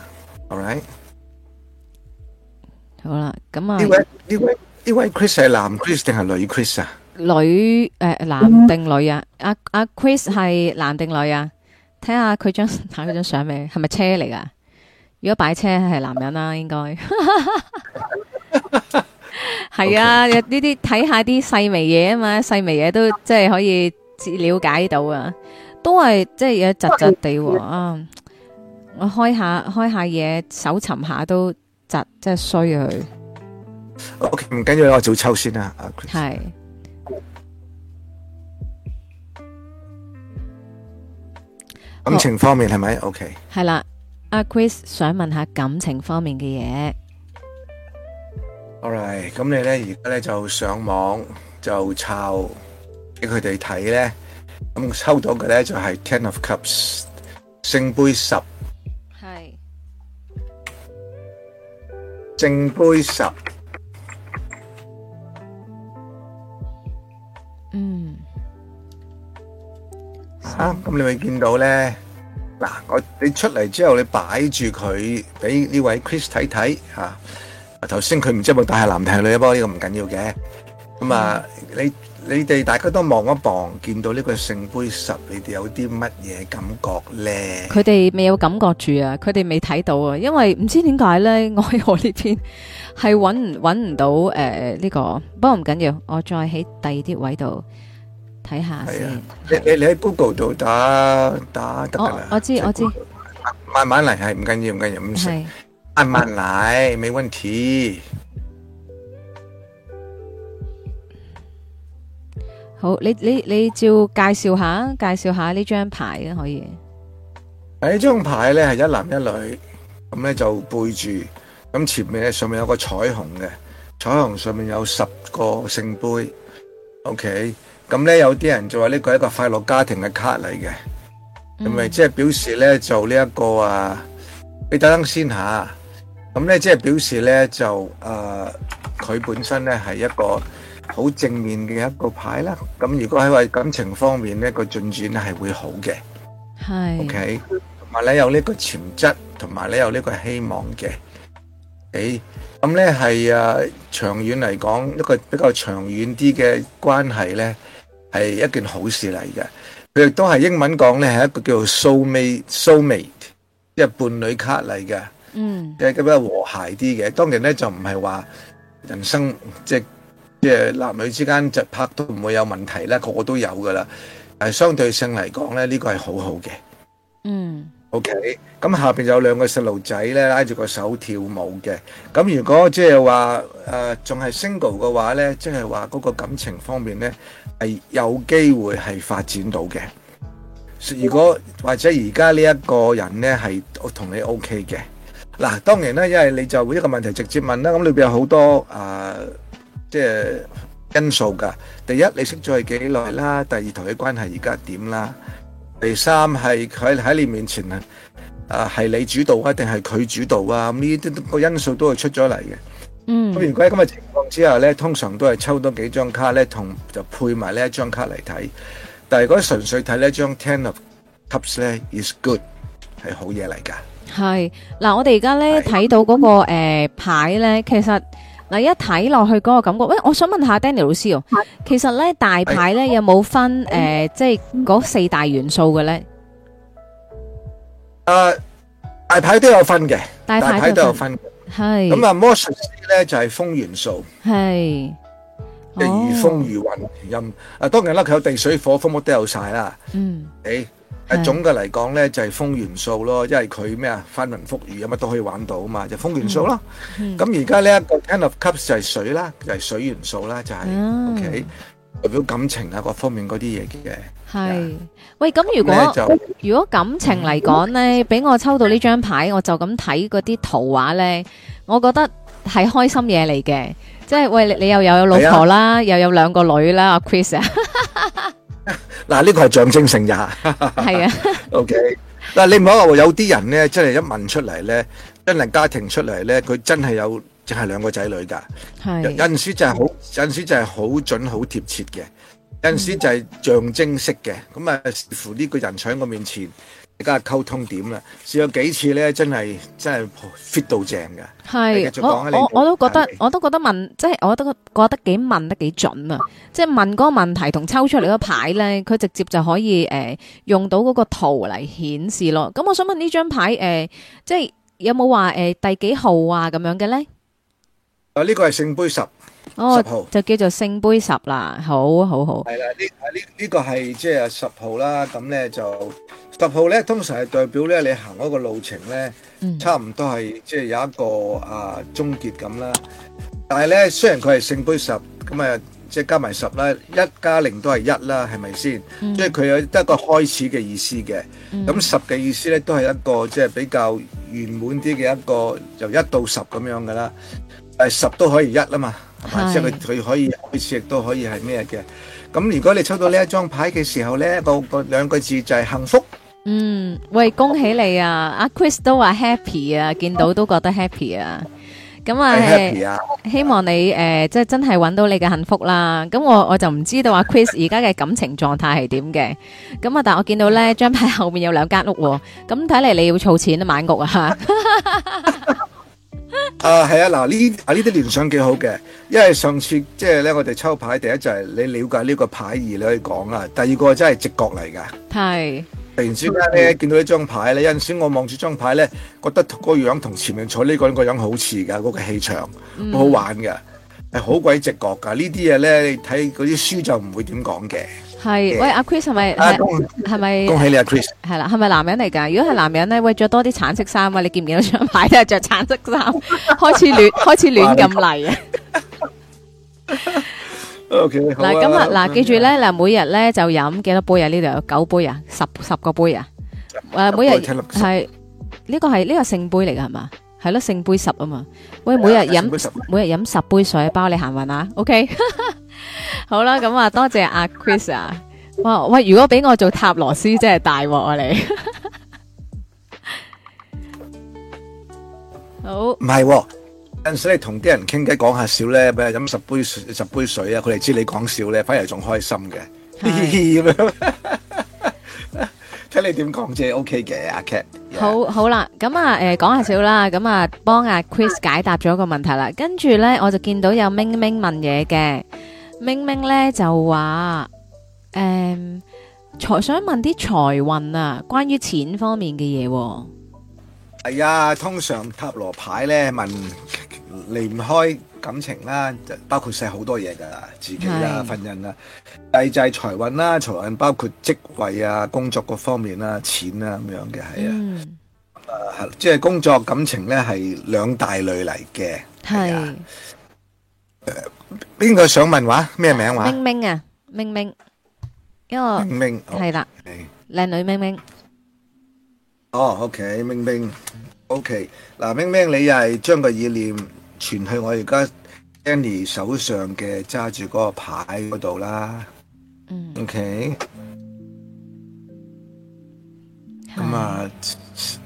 Alright。好啦，咁啊，呢位呢位 Chris 係男 Chris 定係女 Chris 啊？女、呃、誒，男定女啊？阿、mm、阿 -hmm. 啊啊、Chris 係男定女啊？睇下佢張睇佢張相未？係 [LAUGHS] 咪車嚟㗎？如果擺車係男人啦、啊，應該係 [LAUGHS] [LAUGHS] [LAUGHS] [LAUGHS] 啊。呢啲睇下啲細微嘢啊嘛，細微嘢都即係可以了解到啊。都係即係有窒窒地啊。 [LAUGHS] 我開下開下嘢，搜尋下都。窒即係衰佢。OK，唔緊要，我早抽先啦。阿 Chris 係感情方面係咪？OK，係啦。阿 Chris 想問下感情方面嘅嘢。All right，咁你咧而家咧就上網就抄俾佢哋睇咧。咁抽到嘅咧就係 Ten of Cups，聖杯十。正杯十，嗯，啊，咁你咪見到咧？嗱，我你出嚟之後，你擺住佢俾呢位 Chris 睇睇吓。啊，頭先佢唔知有冇帶係男定係女啊？不過呢個唔緊要嘅。咁啊，你。你哋大家都望一望，見到呢個聖杯十，你哋有啲乜嘢感覺咧？佢哋未有感覺住啊！佢哋未睇到啊，因為唔知點解咧，我喺我呢邊係揾揾唔到誒呢個，不過唔緊要，我再喺第二啲位度睇下先。你你你喺 Google 度打打得㗎？我我知我知，慢慢嚟係唔緊要，唔緊要，慢慢嚟，冇問題。好，你你你照介紹下介紹下呢張牌啊，可以。張呢張牌咧係一男一女，咁咧就背住，咁前面咧上面有個彩虹嘅，彩虹上面有十個聖杯。OK，咁咧有啲人就話呢個係一個快樂家庭嘅卡嚟嘅，咁咪即係表示咧就呢一個啊？你等等先吓，咁咧即係表示咧就誒，佢、呃、本身咧係一個。好正面嘅一個牌啦，咁如果喺話感情方面呢、個進展咧係會好嘅，係 OK，同埋咧有呢個潛質，同埋咧有呢個希望嘅，誒、okay，咁咧係啊長遠嚟講一個比較長遠啲嘅關係咧，係一件好事嚟嘅。佢亦都係英文講咧係一個叫做 soulmate soulmate，即係伴侶卡嚟嘅，嗯，即係比較和諧啲嘅。當然咧就唔係話人生即係。就是即係男女之間直拍都唔會有問題啦，個個都有噶啦。但係相對性嚟講咧，這個是很 mm. okay? 個呢個係好好嘅。嗯，OK。咁下邊有兩個細路仔咧，拉住個手跳舞嘅。咁如果即係、呃、話誒仲係 single 嘅話咧，即係話嗰個感情方面咧係有機會係發展到嘅。如果、yeah. 或者而家呢一個人咧係同你 OK 嘅，嗱，當然啦，因為你就會一個問題直接問啦。咁裏邊有好多誒。呃即係因素㗎。第一，你識咗佢幾耐啦；第二，同佢關係而家點啦；第三係佢喺你面前啊，啊、呃、係你主導啊，定係佢主導啊？咁呢啲個因素都係出咗嚟嘅。嗯。咁而喺咁嘅情況之下咧，通常都係抽多幾張卡咧，同就配埋呢一張卡嚟睇。但係如果純粹睇呢一張 Ten of Cups 咧，is good 係好嘢嚟㗎。係嗱，我哋而家咧睇到嗰、個、呃、牌咧，其實。嗱一睇落去嗰個感覺，喂，我想問一下 Danny 老師哦，其實咧大牌咧有冇分誒、呃，即係嗰四大元素嘅咧？誒、uh,，大牌都有分嘅，大牌都有分嘅，係。咁啊，魔術師咧就係、是、風元素，係，即係如風如雲陰。啊，當然啦，佢有地水火風乜都有晒啦。嗯，誒。總嘅嚟講咧就係、是、風元素咯，因為佢咩啊翻雲覆雨啊乜都可以玩到啊嘛，就是、風元素咯。咁而家呢一個 kind of cups 就係水啦，就係、是、水元素啦，就係、是啊、OK，代表感情啊各方面嗰啲嘢嘅。係，喂，咁如果如果感情嚟講咧，俾、嗯、我抽到呢張牌，我就咁睇嗰啲圖畫咧，我覺得係開心嘢嚟嘅。即、就、係、是、喂，你你又有老婆啦，啊、又有兩個女啦，Chris 啊。 [LAUGHS] 嗱，呢個係象徵性啫係，係啊 [LAUGHS] ，OK。嗱，你唔好話有啲人咧，真係一問出嚟咧，真係家庭出嚟咧，佢真係有淨係兩個仔女噶。有陣時就係好，有陣時就係好準好貼切嘅，有陣時就係象徵式嘅，咁、嗯、啊，視乎呢個人喺我面前。而家溝通點啦，試咗幾次咧，真係真係 fit 到正嘅。係我我，我都覺得，我都覺得問，即係我都覺得幾問得幾準啊！即係問嗰個問題同抽出嚟嗰牌咧，佢直接就可以誒、呃、用到嗰個圖嚟顯示咯。咁我想問呢張牌誒、呃，即係有冇話誒第幾號啊？咁樣嘅咧？啊、哦、呢、這個係聖杯十，十、哦、號就叫做聖杯十啦。好好好，係啦，呢呢呢個係即係十號啦。咁咧就。十號咧，通常係代表咧你行嗰個路程咧、嗯，差唔多係即係有一個啊終結咁啦。但係咧，雖然佢係聖杯十，咁啊即係加埋十啦，一加零都係一啦，係咪先？即係佢有得一個開始嘅意思嘅。咁、嗯、十嘅意思咧，都係一個即係、就是、比較圓滿啲嘅一個由一到十咁樣噶啦。誒十都可以一啊嘛，係嘛，即係佢佢可以開始亦都可以係咩嘅？咁如果你抽到呢一張牌嘅時候咧，個個兩個字就係幸福。嗯，喂，恭喜你啊！阿 Chris 都話 happy 啊，見到都覺得 happy 啊。咁啊，希望你誒，即係真係揾到你嘅幸福啦。咁我我就唔知道阿 Chris 而家嘅感情狀態係點嘅。咁啊，但係我見到咧，張牌後面有兩間屋，咁睇嚟你要儲錢都買屋啊。啊，係啊，嗱，呢啊呢啲聯想幾好嘅，因為上次即係咧，我哋抽牌第一就係你了解呢個牌意你可以講啦，第二個真係直覺嚟噶，係。突然之間咧，見到呢張牌咧，有陣時我望住張牌咧，覺得個樣同前面坐呢個人個樣好似噶，嗰、嗰個嗰個氣場，好好玩嘅，係好鬼直覺噶。呢啲嘢咧，你睇嗰啲書就唔會點講嘅。係，喂，阿 Chris 係咪？係、啊、咪恭喜你阿 Chris？係啦，係咪男人嚟㗎？如果係男人咧，喂，著多啲橙色衫啊，你見唔見到張牌都係着橙色衫， [LAUGHS] 開始亂開始亂咁嚟啊！ [LAUGHS] 來 [LAUGHS] 嗱，今日嗱，記住咧，嗱，每日咧就飲幾多杯啊？呢度有九杯啊，十十個杯啊，誒，每日係呢個，係呢個聖杯嚟噶，係嘛？係咯，聖杯十啊嘛。喂，每日飲每日飲十杯水，包你行運啊。OK，好啦，咁啊，多謝阿 Chris 啊。哇，喂，如果俾我做塔羅師，真係大鑊啊你。好。唔係喎。陣時你同啲人傾偈講下笑咧，咪飲十杯水十杯水啊！佢哋知你講笑咧，反而仲開心嘅，咁樣。 [LAUGHS] 聽你點講啫，OK 嘅阿 Cat。Kat yeah. 好，好啦，咁啊，誒、呃，講下笑啦，咁啊，幫阿 Chris 解答咗個問題啦。跟住咧，我就見到有明明問嘢嘅，明明咧就話，誒、嗯，財想問啲財運啊，關於錢方面嘅嘢、啊。係、哎、啊，通常塔羅牌咧問。離唔開感情啦，包括晒好多嘢噶，自己啊、份人啊、帝制財運啦、財運包括職位啊、工作各方面啦、錢啊咁樣嘅係啊，誒係，即係工作感情呢係兩大類嚟嘅係，邊個想問話咩名話？明明啊，明明，因為明明係啦，靚女明明，哦，OK，明明，OK，嗱，明明你又係將個意念。傳去我而家 Danny 手上嘅揸住嗰個牌嗰度啦。嗯。OK。咁啊，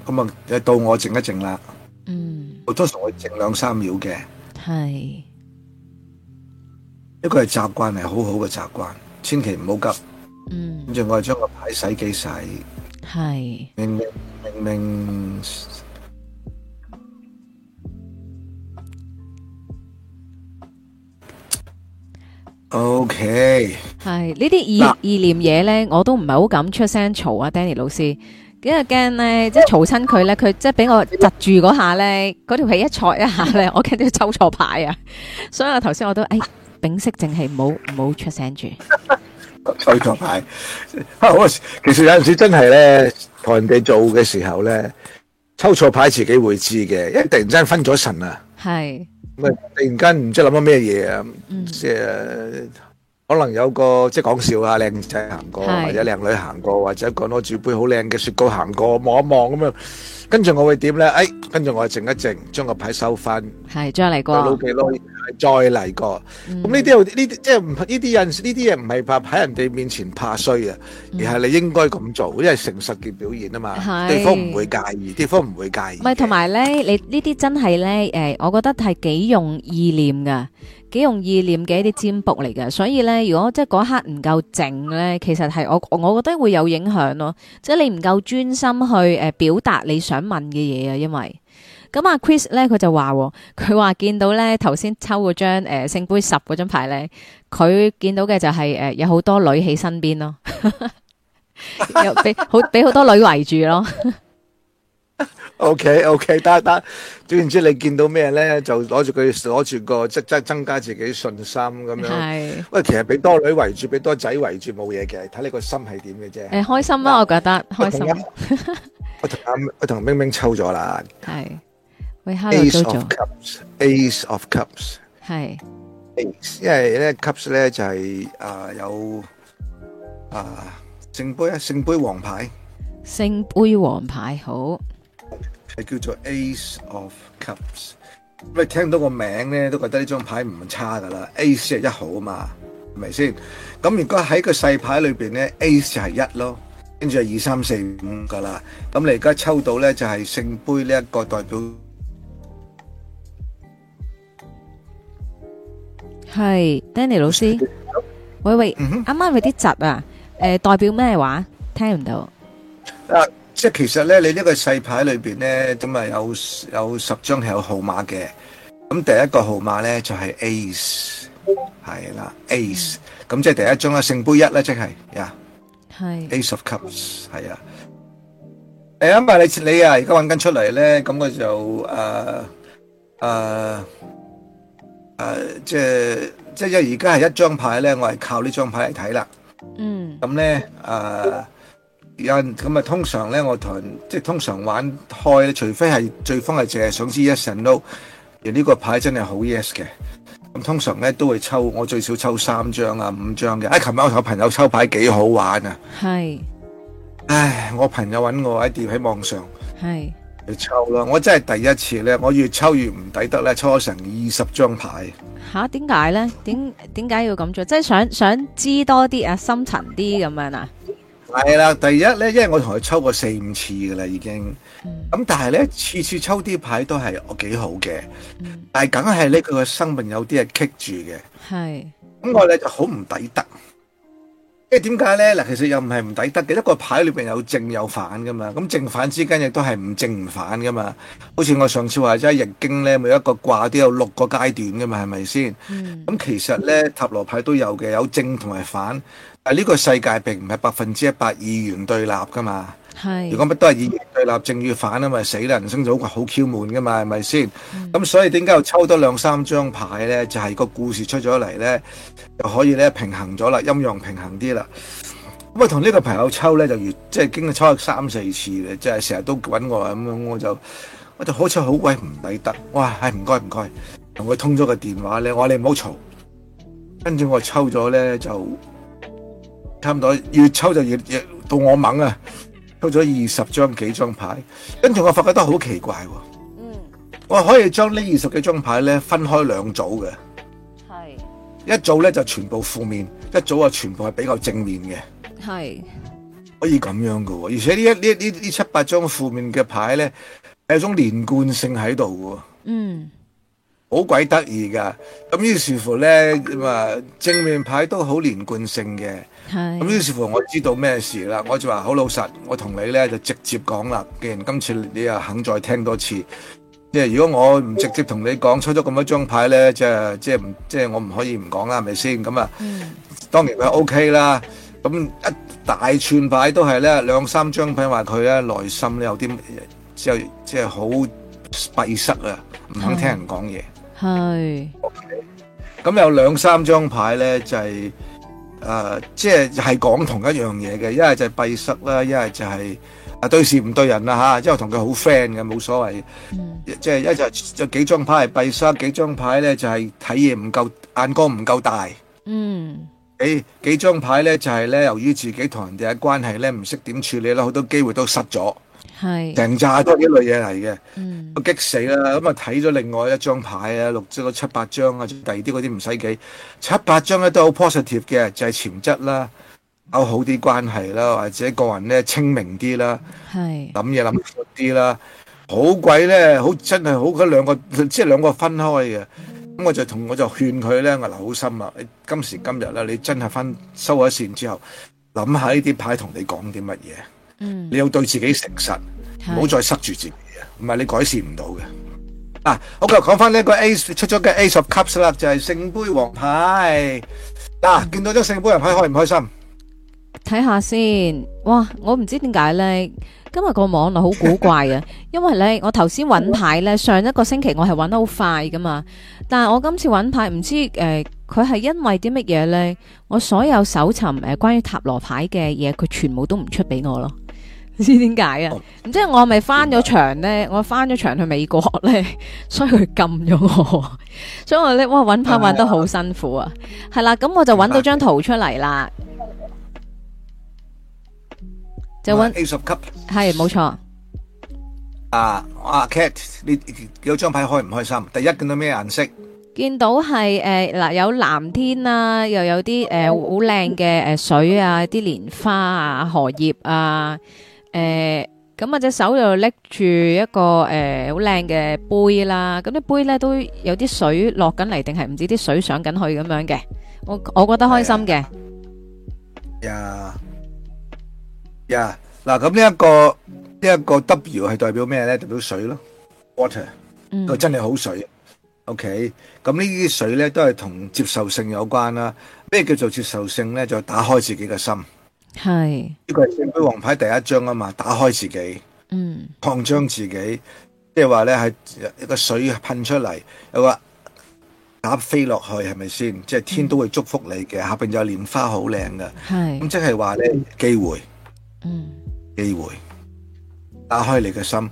咁啊，到我靜一靜啦。嗯。通常我靜兩三秒嘅。係。一個係習慣，係好好嘅習慣，千祈唔好急。嗯。跟住我係將個牌洗幾洗。係。明明明明。O K，係呢啲意意念嘢咧，我都唔係好敢出聲嘈啊，Danny 老師，因為驚咧即係嘈親佢咧，佢、啊、即係俾我窒住嗰下咧，嗰條氣一挫一下咧，我驚都要抽錯牌啊！所以我頭先我都誒，屏、哎、息，淨係唔好出聲住，抽 [LAUGHS] 錯牌 [LAUGHS] 其實有陣時真係咧，同人哋做嘅時候咧，抽錯牌自己會知嘅，因為突然間分咗神啊。係。咪突然間唔知諗咗咩嘢啊，即係可能有個即係講笑啊，靚仔行過或者靚女行過，或者講攞住杯好靚嘅雪糕行過，望一望咁樣。跟住我會點咧？哎，跟住我靜一靜，將個牌收返，係再嚟過，老幾咯，再嚟過。咁呢啲呢啲即係唔呢啲人呢啲嘢唔係怕喺人哋面前怕衰啊、嗯，而係你應該咁做，因為誠實嘅表現啊嘛，對方唔會介意，對方唔會介意。咪同埋咧，你呢啲真係咧，誒、呃，我覺得係幾用意念㗎。幾容易念嘅一啲占卜嚟嘅，所以咧，如果即係嗰刻唔夠靜咧，其實係我我覺得會有影響咯。即係你唔夠專心去誒、呃、表達你想問嘅嘢啊。因為咁阿、嗯啊、Chris 咧，佢就話佢話見到咧頭先抽嗰張誒聖、呃、杯十嗰張牌咧，佢見到嘅就係、是、誒、呃、有好多女喺身邊咯，又 [LAUGHS] 俾好俾好多女圍住咯。 [LAUGHS] O K O K，得得，總之你見到咩咧，就攞住佢，攞住個即係增加自己信心咁樣。係，喂，其實俾多女圍住，俾多仔圍住冇嘢嘅，睇你個心係點嘅啫。誒，開心啊，我覺得開心。啊、我同我同冰冰抽咗啦。係，喂 hello Ace of Cups，Ace of Cups, Cups。係，因為咧 Cups 咧就係、是、啊、呃、有啊聖、呃、杯啊聖杯王牌。聖杯王牌好。係叫做 Ace of Cups，咁你聽到個名咧，都覺得呢張牌唔差噶啦。Ace 係一號嘛，係咪先？咁如果喺個細牌裏邊咧，Ace 就係一咯，跟住係二三四五噶啦。咁你而家抽到咧就係聖杯呢一個代表，係 Danny 老師。喂喂，啱啱啲雜啊？誒，代表咩話？聽唔到。即係其實咧，你呢個細牌裏邊咧，咁啊有有十張係有號碼嘅。咁第一個號碼咧就係、是、ace，係啦 ace、嗯。咁即係第一張啦，聖杯一啦，即係啊，係、yeah, ace of cups，係啊。誒、哎，因為你你啊，而家搵緊出嚟咧，咁我就誒誒誒，即係即係而家係一張牌咧，我係靠呢張牌嚟睇啦。嗯。咁咧誒。呃咁啊，通常咧，我同即係通常玩開咧，除非係對方係淨係想知 yes and no 而呢個牌真係好 yes 嘅。咁通常咧都會抽，我最少抽三張啊，五張嘅。唉、哎，琴晚我同朋友抽牌幾好玩啊！係，唉，我朋友揾我喺碟喺網上係抽咯。我真係第一次咧，我越抽越唔抵得咧，抽咗成二十張牌。吓、啊，點解咧？點點解要咁做？即係想想知多啲啊，深層啲咁樣啊？係啦，第一咧，因為我同佢抽過四五次噶啦，已經。咁但係咧，次次抽啲牌都係我幾好嘅，嗯，但係梗係呢，佢個生命有啲係棘住嘅。係。咁我咧就好唔抵得，即係點解咧？嗱，其實又唔係唔抵得嘅，一個牌裏邊有正有反噶嘛，咁正反之間亦都係唔正唔反噶嘛。好似我上次話齋易經咧，每一個卦都有六個階段噶嘛，係咪先？咁，嗯，其實咧塔羅牌都有嘅，有正同埋反。呢個世界並唔係百分之一百二元對立噶嘛，係如果乜都係二元對立，正與反啊，咪死啦！人生就好 Q 悶噶嘛，係咪先？咁、嗯、所以點解我抽多兩三張牌咧？就係、是、個故事出咗嚟咧，就可以咧平衡咗啦，陰陽平衡啲啦。咁啊，同呢個朋友抽咧，就越即係經過抽咗三四次咧，即係成日都搵我咁樣，我就我就,我就好彩好鬼唔抵得，哇！唉唔該唔該，同佢通咗個電話咧，我話你唔好嘈，跟住我抽咗咧就。差唔多越抽就越越到我猛啊！抽咗二十張幾張牌，跟住我發覺都好奇怪、哦。嗯，我可以將呢二十幾張牌咧分開兩組嘅，係一組咧就全部負面，一組啊全部係比較正面嘅，係可以咁樣嘅、哦。而且呢一呢呢呢七八張負面嘅牌咧，係一種連貫性喺度嘅。嗯，好鬼得意噶。咁於是乎咧咁正面牌都好連貫性嘅。咁於是乎我知道咩事啦，我就話好老實，我同你咧就直接講啦。既然今次你又肯再聽多次，即係如果我唔直接同你講出咗咁多張牌咧，即係即係唔即係我唔可以唔講啦，係咪先？咁啊，當然佢係 OK 啦。咁一大串牌都係咧兩三張牌話佢咧內心咧有啲即係即係好閉塞啊，唔肯聽人講嘢。係。咁有兩三張牌咧就係。誒、呃，即係講同一樣嘢嘅，一係就係閉塞啦，一係就係啊對事唔對人啦嚇，因為同佢好 friend 嘅，冇所謂。Mm. 即係一就就幾張牌係閉塞，幾張牌咧就係睇嘢唔夠眼光唔夠大。嗯、mm.，幾幾張牌咧就係咧，由於自己同人哋嘅關係咧，唔識點處理啦，好多機會都失咗。係成扎都呢類嘢嚟嘅，我激死啦！咁啊睇咗另外一張牌啊，錄咗七八張啊，第二啲嗰啲唔使記，七八張咧都好 positive 嘅，就係潛質啦，搞好啲關係啦，或者個人咧清明啲啦，諗嘢諗闊啲啦，好鬼咧好真係好嗰兩個即係兩個分開嘅，咁我就同我就勸佢咧，我嗱好心啊，今時今日啦，你真係翻收咗線之後，諗下呢啲牌同你講啲乜嘢。嗯，你要對自己誠實，唔好再塞住自己啊！唔係你改善唔到嘅。ok 講翻呢個 A 出咗嘅 A 十級啦，就係、是、聖杯王牌。嗱、啊嗯，見到咗聖杯王牌開唔開心？睇下先，哇！我唔知點解咧，今日個網絡好古怪啊。 [LAUGHS] 因為咧，我頭先搵牌咧，上一個星期我係搵得好快噶嘛，但係我今次搵牌唔知誒，佢、呃、係因為啲乜嘢咧？我所有搜尋誒關於塔羅牌嘅嘢，佢全部都唔出俾我咯。唔知點解啊？唔、哦、知我係咪翻咗牆咧？我翻咗牆去美國咧，所以佢禁咗我。 [LAUGHS] 所以我咧，哇，揾牌揾得好辛苦啊！係啦，咁我就揾到張圖出嚟啦，就揾 A 十級，係冇錯。啊，阿 Cat，、啊啊、你有張牌開唔開心？第一見到咩顏色？見到係誒嗱，有藍天啊，又有啲誒好靚嘅誒水啊，啲蓮花啊，荷葉啊。誒，咁啊隻手又拎住一個誒好靚嘅杯啦，咁啲杯咧都有啲水落緊嚟，定係唔知啲水上緊去咁樣嘅，我我覺得開心嘅。呀呀，嗱，咁呢一個呢一個 W 係代表咩咧？代表水咯，water，嗯，真係好水。OK，咁呢啲水咧都係同接受性有關啦。咩叫做接受性咧？就打開自己嘅心。係呢個係聖杯王牌第一張啊嘛，打開自己，嗯，擴張自己，即係話咧係一個水噴出嚟，有個打飛落去係咪先？即係天都會祝福你嘅，嗯，下邊有蓮花好靚嘅，係咁即係話咧機會，嗯，機會打開你嘅心。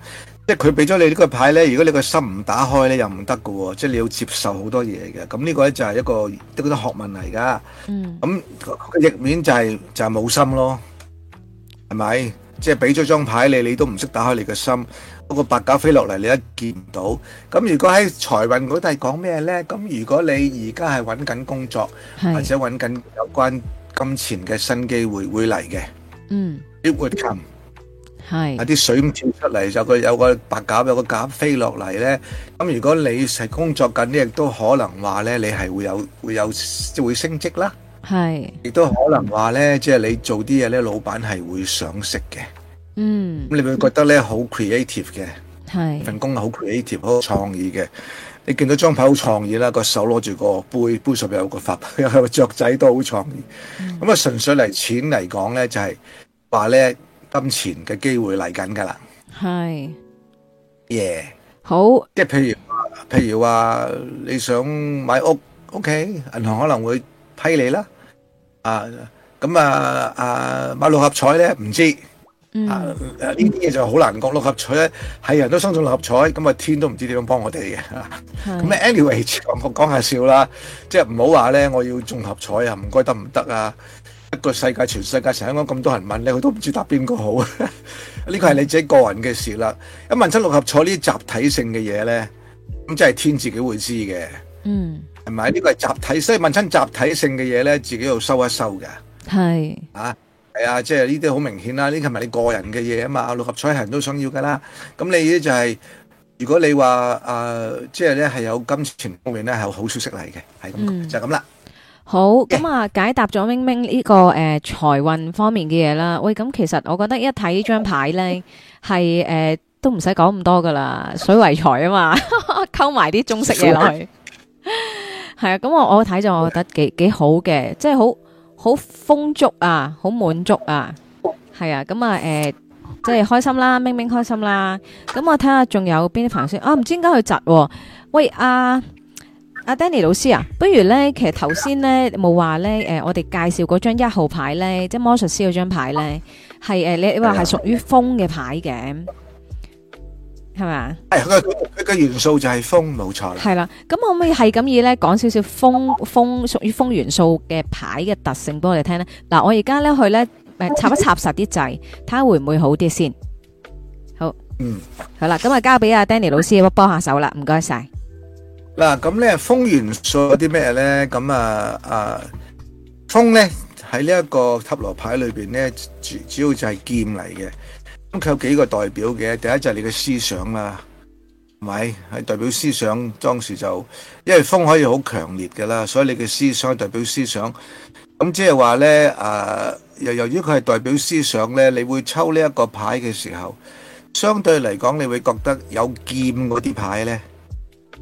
即係佢俾咗你呢個牌咧，如果你個心唔打開咧，又唔得噶喎。即係你要接受好多嘢嘅。咁呢個咧就係一個都好多學問嚟噶。嗯。咁逆面就係就係冇心咯，係咪？即係俾咗張牌你，你都唔識打開你嘅心。不過白鴿飛落嚟，你一見唔到。咁如果喺財運嗰度係講咩咧？咁如果你而家係搵緊工作，或者搵緊有關金錢嘅新機會會嚟嘅。嗯。It would come. 係啲水咁跳出嚟，就佢有個白鴿，有個鴿飛落嚟咧。咁如果你係工作緊啲，亦都可能話咧，你係會有會有會升職啦。係，亦都可能話咧，即係你做啲嘢咧，老闆係會賞識嘅。嗯，咁你會覺得咧好 creative 嘅。係份工好 creative，好創意嘅。你見到張牌好創意啦，個手攞住個杯，杯上面有個佛有個雀仔都好創意。咁啊，純粹嚟錢嚟講咧，就係話咧。金錢嘅機會嚟緊噶啦，係，耶，好，即係譬如話，譬如話你想買屋，OK，銀行可能會批你啦，啊，咁啊，啊買六合彩咧唔知，嗯，呢啲嘢就好難講，六合彩咧係人都想中六合彩，咁啊天都唔知點樣幫我哋嘅，咁 anyway 講講下笑啦，即係唔好話咧我要中六合彩啊，唔該得唔得啊？一個世界，全世界成香港咁多人問咧，佢都唔知答邊個好。呢個係你自己個人嘅事啦。咁問親六合彩呢啲集體性嘅嘢咧，咁真係天自己會知嘅。嗯，係咪？呢個係集體，所以問親集體性嘅嘢咧，自己要收一收嘅。係啊，係啊，即係呢啲好明顯啦。呢個係咪你個人嘅嘢啊嘛？六合彩係人都想要噶啦。咁你呢就係、是，如果你話誒，即係咧係有金錢方面咧，係好消息嚟嘅，係咁、嗯，就咁、是、啦。好咁啊，解答咗明明呢，這個誒財運方面嘅嘢啦。喂，咁其實我覺得一睇呢張牌咧，係誒、呃、都唔使講咁多㗎啦。水為財啊嘛，溝埋啲中式嘢落去。係 [LAUGHS] [LAUGHS] 啊，咁我我睇咗我覺得幾幾好嘅，即係好好豐足啊，好滿足啊。係啊，咁啊誒，即係開心啦，明明開心啦。咁我睇下仲有邊啲粉先？啊？唔知點解佢窒。喂啊。阿 Danny 老師啊，不如咧，其實頭先咧冇話咧，誒、呃，我哋介紹嗰張一號牌咧，即係魔術師嗰張牌咧，係誒、呃，你你話係屬於風嘅牌嘅，係咪啊？一佢個元素就係風，冇錯。係啦，咁可唔可以係咁意咧，講少少風風屬於風元素嘅牌嘅特性俾我哋聽咧？嗱、啊，我而家咧去咧誒插一插實啲掣，睇下會唔會好啲先。好，嗯，好啦，咁啊交俾阿 Danny 老師幫下手啦，唔該晒。嗱咁咧，風元素有啲咩咧？咁啊啊，風咧喺呢一個塔羅牌裏面咧，主主要就係劍嚟嘅。咁佢有幾個代表嘅？第一就係你嘅思想啦，係咪？係代表思想。當時就因為風可以好強烈嘅啦，所以你嘅思想代表思想。咁即係話咧，啊由由於佢係代表思想咧，你會抽呢一個牌嘅時候，相對嚟講，你會覺得有劍嗰啲牌咧。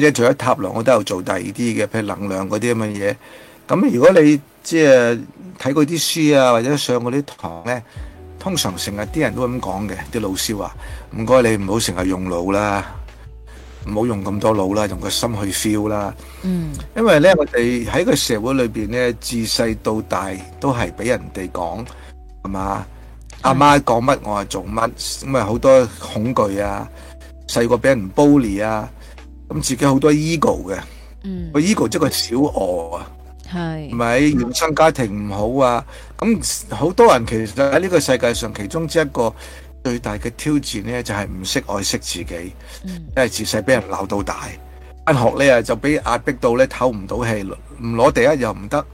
一除咗塔羅，我都有做第二啲嘅，譬如能量嗰啲咁嘅嘢。咁如果你即係睇過啲書啊，或者上過啲堂咧，通常成日啲人都咁講嘅，啲老師話唔該你唔好成日用腦啦，唔好用咁多腦啦，用個心去 feel 啦。嗯、mm. mm.，因為咧，我哋喺個社會裏面咧，自細到大都係俾人哋講係嘛，阿媽講乜我係做乜咁啊，因為好多恐懼啊，細個俾人 bully 啊。咁自己好多 ego 嘅，嗯、ego 個 ego 即係小我啊，係咪？原生家庭唔好啊，咁好多人其實喺呢個世界上，其中之一個最大嘅挑戰咧，就係唔識愛惜自己，即、嗯、因為自細俾人鬧到大，一學咧就俾壓迫到咧透唔到氣，唔攞第一又唔得，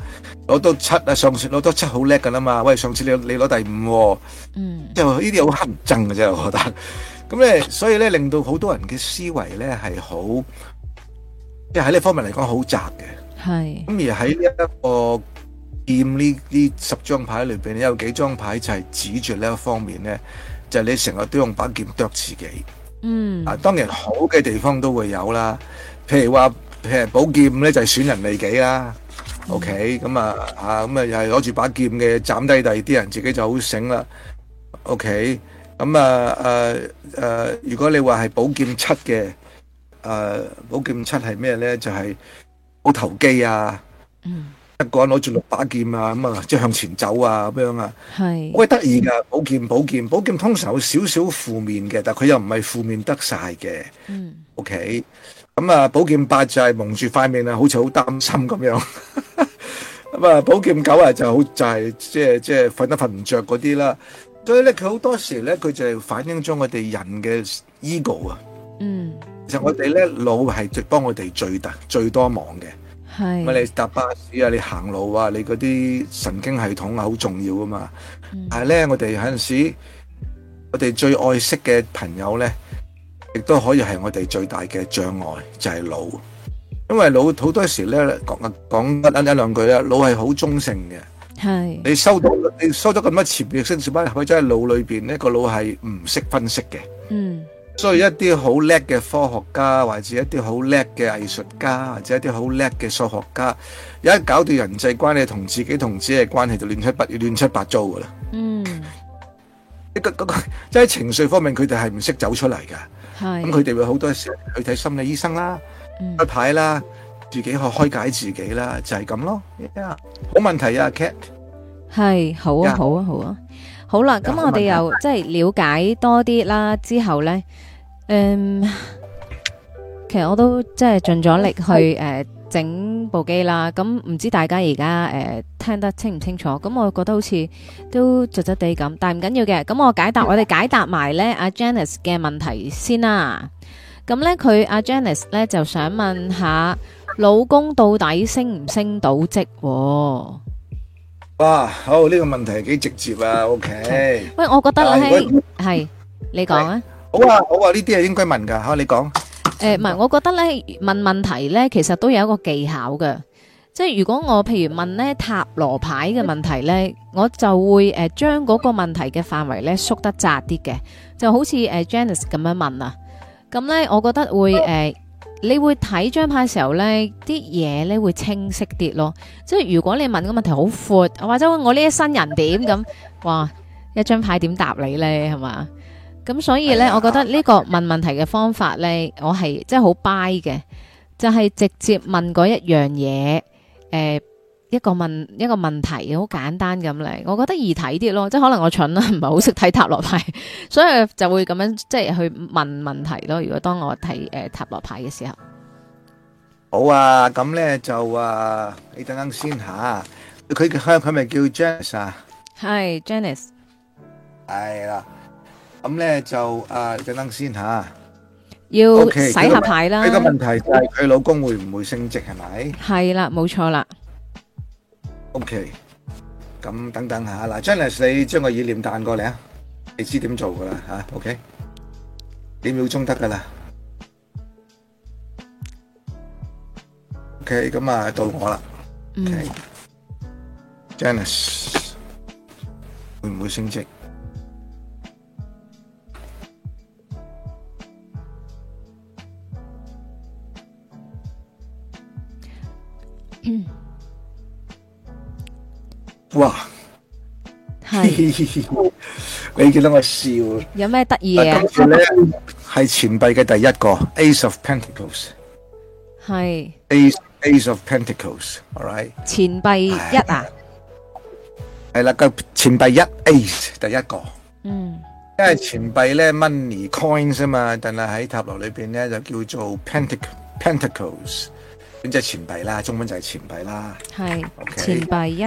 攞到七啊，上次攞到七好叻噶啦嘛，喂，上次你你攞第五喎，哦，嗯，即係呢啲好黑憎嘅，啫我覺得。咁咧，所以咧，令到好多人嘅思維咧係好，即喺呢方面嚟講好窄嘅。係。咁而喺呢一個劍呢啲十張牌裏邊，有幾張牌就係指住呢一方面咧，就係你成日都用把劍啄自己。嗯。啊，當然好嘅地方都會有啦。譬如話，譬如寶劍咧，就係損人利己啦。嗯、OK，咁啊，啊，咁啊又係攞住把劍嘅斬低第二啲人，自己就好醒啦。OK。咁、嗯、啊誒誒、啊，如果你話係寶劍七嘅誒，寶、啊、劍七係咩咧？就係、是、好投機啊、嗯，一個人攞住六把劍啊，咁啊即係向前走啊，咁樣啊，好得意噶。寶劍寶劍，寶劍通常有少少負面嘅，但係佢又唔係負面得晒嘅。嗯，O K。咁、okay? 啊、嗯，寶劍八就係蒙住塊面啊，好似好擔心咁樣。咁、嗯、啊，寶、嗯、劍九啊就是、就係即係即係瞓得瞓唔着嗰啲啦。所以咧，佢好多時咧，佢就反映咗我哋人嘅 ego 啊。嗯，其實我哋咧腦係幫我哋最大、最多忙嘅。係。你搭巴士啊，你行路啊，你嗰啲神經系統啊，好重要噶嘛。嗯、但係咧，我哋有陣時，我哋最愛惜嘅朋友咧，亦都可以係我哋最大嘅障礙，就係、是、腦。因為腦好多時咧，講講一兩句咧，腦係好中性嘅。係你收到你收到咁多潛意識，唔係佢真係腦裏邊咧、呢個腦係唔識分析嘅，嗯，所以一啲好叻嘅科學家或者一啲好叻嘅藝術家或者一啲好叻嘅數學家，一搞到人際關係同自己同自己嘅關係就亂七八亂七八糟噶啦，一個個即係情緒方面佢哋係唔識走出嚟噶咁佢哋會好多時去睇心理醫生啦，去、嗯、牌啦。自己去開解自己啦，就係、是、咁咯。啊，好問題啊，Cat 係好啊，yeah. 好啊，好啊。好啦，咁、yeah, 我哋又即係、yeah. 了解多啲啦。之後呢，誒、嗯，其實我都即係盡咗力去誒整、嗯呃、部機啦。咁、嗯、唔知大家而家誒聽得清唔清楚？咁我覺得好似都窒窒地咁，但係唔緊要嘅。咁我解答我哋解答埋呢阿 Janice 嘅問題先啦。咁呢，佢阿、啊、Janice 呢就想問下。老公到底升唔升到職？哇，好呢個問題幾直接啊！OK，喂，我覺得啦，係你講啊，好啊，好啊，呢啲係應該問㗎，吓你講。誒，唔係，我覺得咧問問題咧，其實都有一個技巧嘅，即係如果我譬如問咧塔羅牌嘅問題咧，我就會誒將嗰個問題嘅範圍咧縮得窄啲嘅，就好似誒 Janice 咁樣問啊，咁咧我覺得會誒。你會睇張牌嘅時候呢啲嘢呢會清晰啲咯。即係如果你問個問題好闊，或者我呢一新人點咁，「哇，一張牌點答你呢？」係嘛？咁所以呢，我覺得呢個問問題嘅方法呢，我係即係好掰嘅，就係、是、直接問嗰一樣嘢，誒、呃。一個問一個問題，好簡單咁嚟，我覺得易睇啲咯，即係可能我蠢啦，唔係好識睇塔羅牌，所以就會咁樣即係去問問題咯。如果當我睇誒塔羅牌嘅時候，好啊，咁咧就啊，你等等先吓，佢佢咪叫 Janice 啊，係 Janice，係啦，咁咧就啊，等等先吓，要洗下牌啦。呢個問題就係佢老公會唔會升職，係咪？係啦，冇錯啦。O K，咁等等下嗱，Janice，你將個意念彈過嚟啊，你知點做噶啦吓，O K，幾秒鐘得噶啦，O K，咁啊到我啦，O K，Janice 會唔會升職？哇，係你見到我笑？有咩得意嘢啊？今次咧係錢幣嘅第一個 Ace of Pentacles，係 Ace Ace of Pentacles，All right，錢幣一啊，係啦，個錢幣一 Ace 第一個，嗯，因為錢幣咧 Money Coins 啊嘛，但係喺塔羅裏邊咧就叫做 Pentacle Pentacles，咁即係錢幣啦，中文就係錢幣啦，係錢幣一。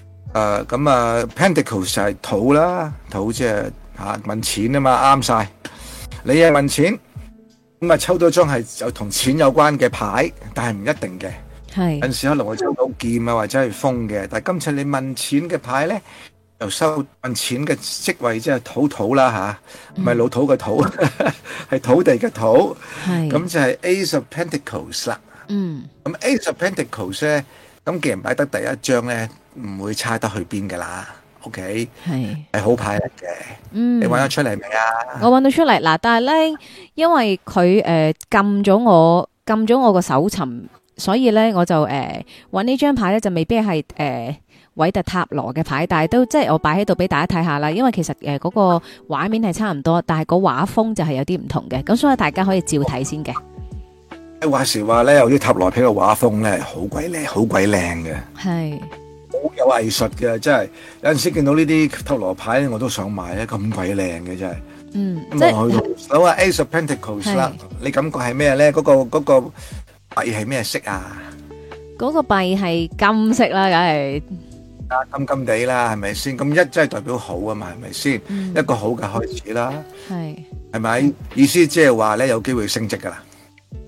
誒，咁啊，pentacles 就係土啦，土即係吓問錢啊嘛，啱晒。你又問錢，咁啊抽到張係有同錢有關嘅牌，但係唔一定嘅。係，有陣時可能會抽到劍啊或者係風嘅，但係今次你問錢嘅牌咧，又收問錢嘅職位即係土土啦吓，唔係老土嘅土，係土地嘅土。係，咁就係 Ace of Pentacles 啦。嗯，咁 Ace of Pentacles 咧，咁既然擺得第一張咧。唔會差得去邊噶啦，OK 係係好牌嚟嘅。嗯，你搵咗出嚟未啊？我搵到出嚟嗱，但係咧，因為佢誒、呃、撳咗我撳咗我個搜尋，所以咧我就誒搵、呃、呢張牌咧就未必係誒韋特塔羅嘅牌，但係都即係我擺喺度俾大家睇下啦。因為其實誒嗰、呃嗰個畫面係差唔多，但係個畫風就係有啲唔同嘅，咁所以大家可以照睇先嘅。話時話咧，有啲塔羅片嘅畫風咧，好鬼靚，好鬼靚嘅，係。好有藝術嘅，真係有陣時見到呢啲塔羅牌咧，我都想買咧，咁鬼靚嘅真係。嗯，我去到好啊，Ace of Pentacles 啦，你感覺係咩咧？嗰個嗰個幣係咩色啊？嗰個幣係金色啦，梗係。啊，金金地啦，係咪先？咁一真係代表好啊嘛，係咪先？一個好嘅開始啦。係。係咪意思即係話咧，有機會升值噶啦？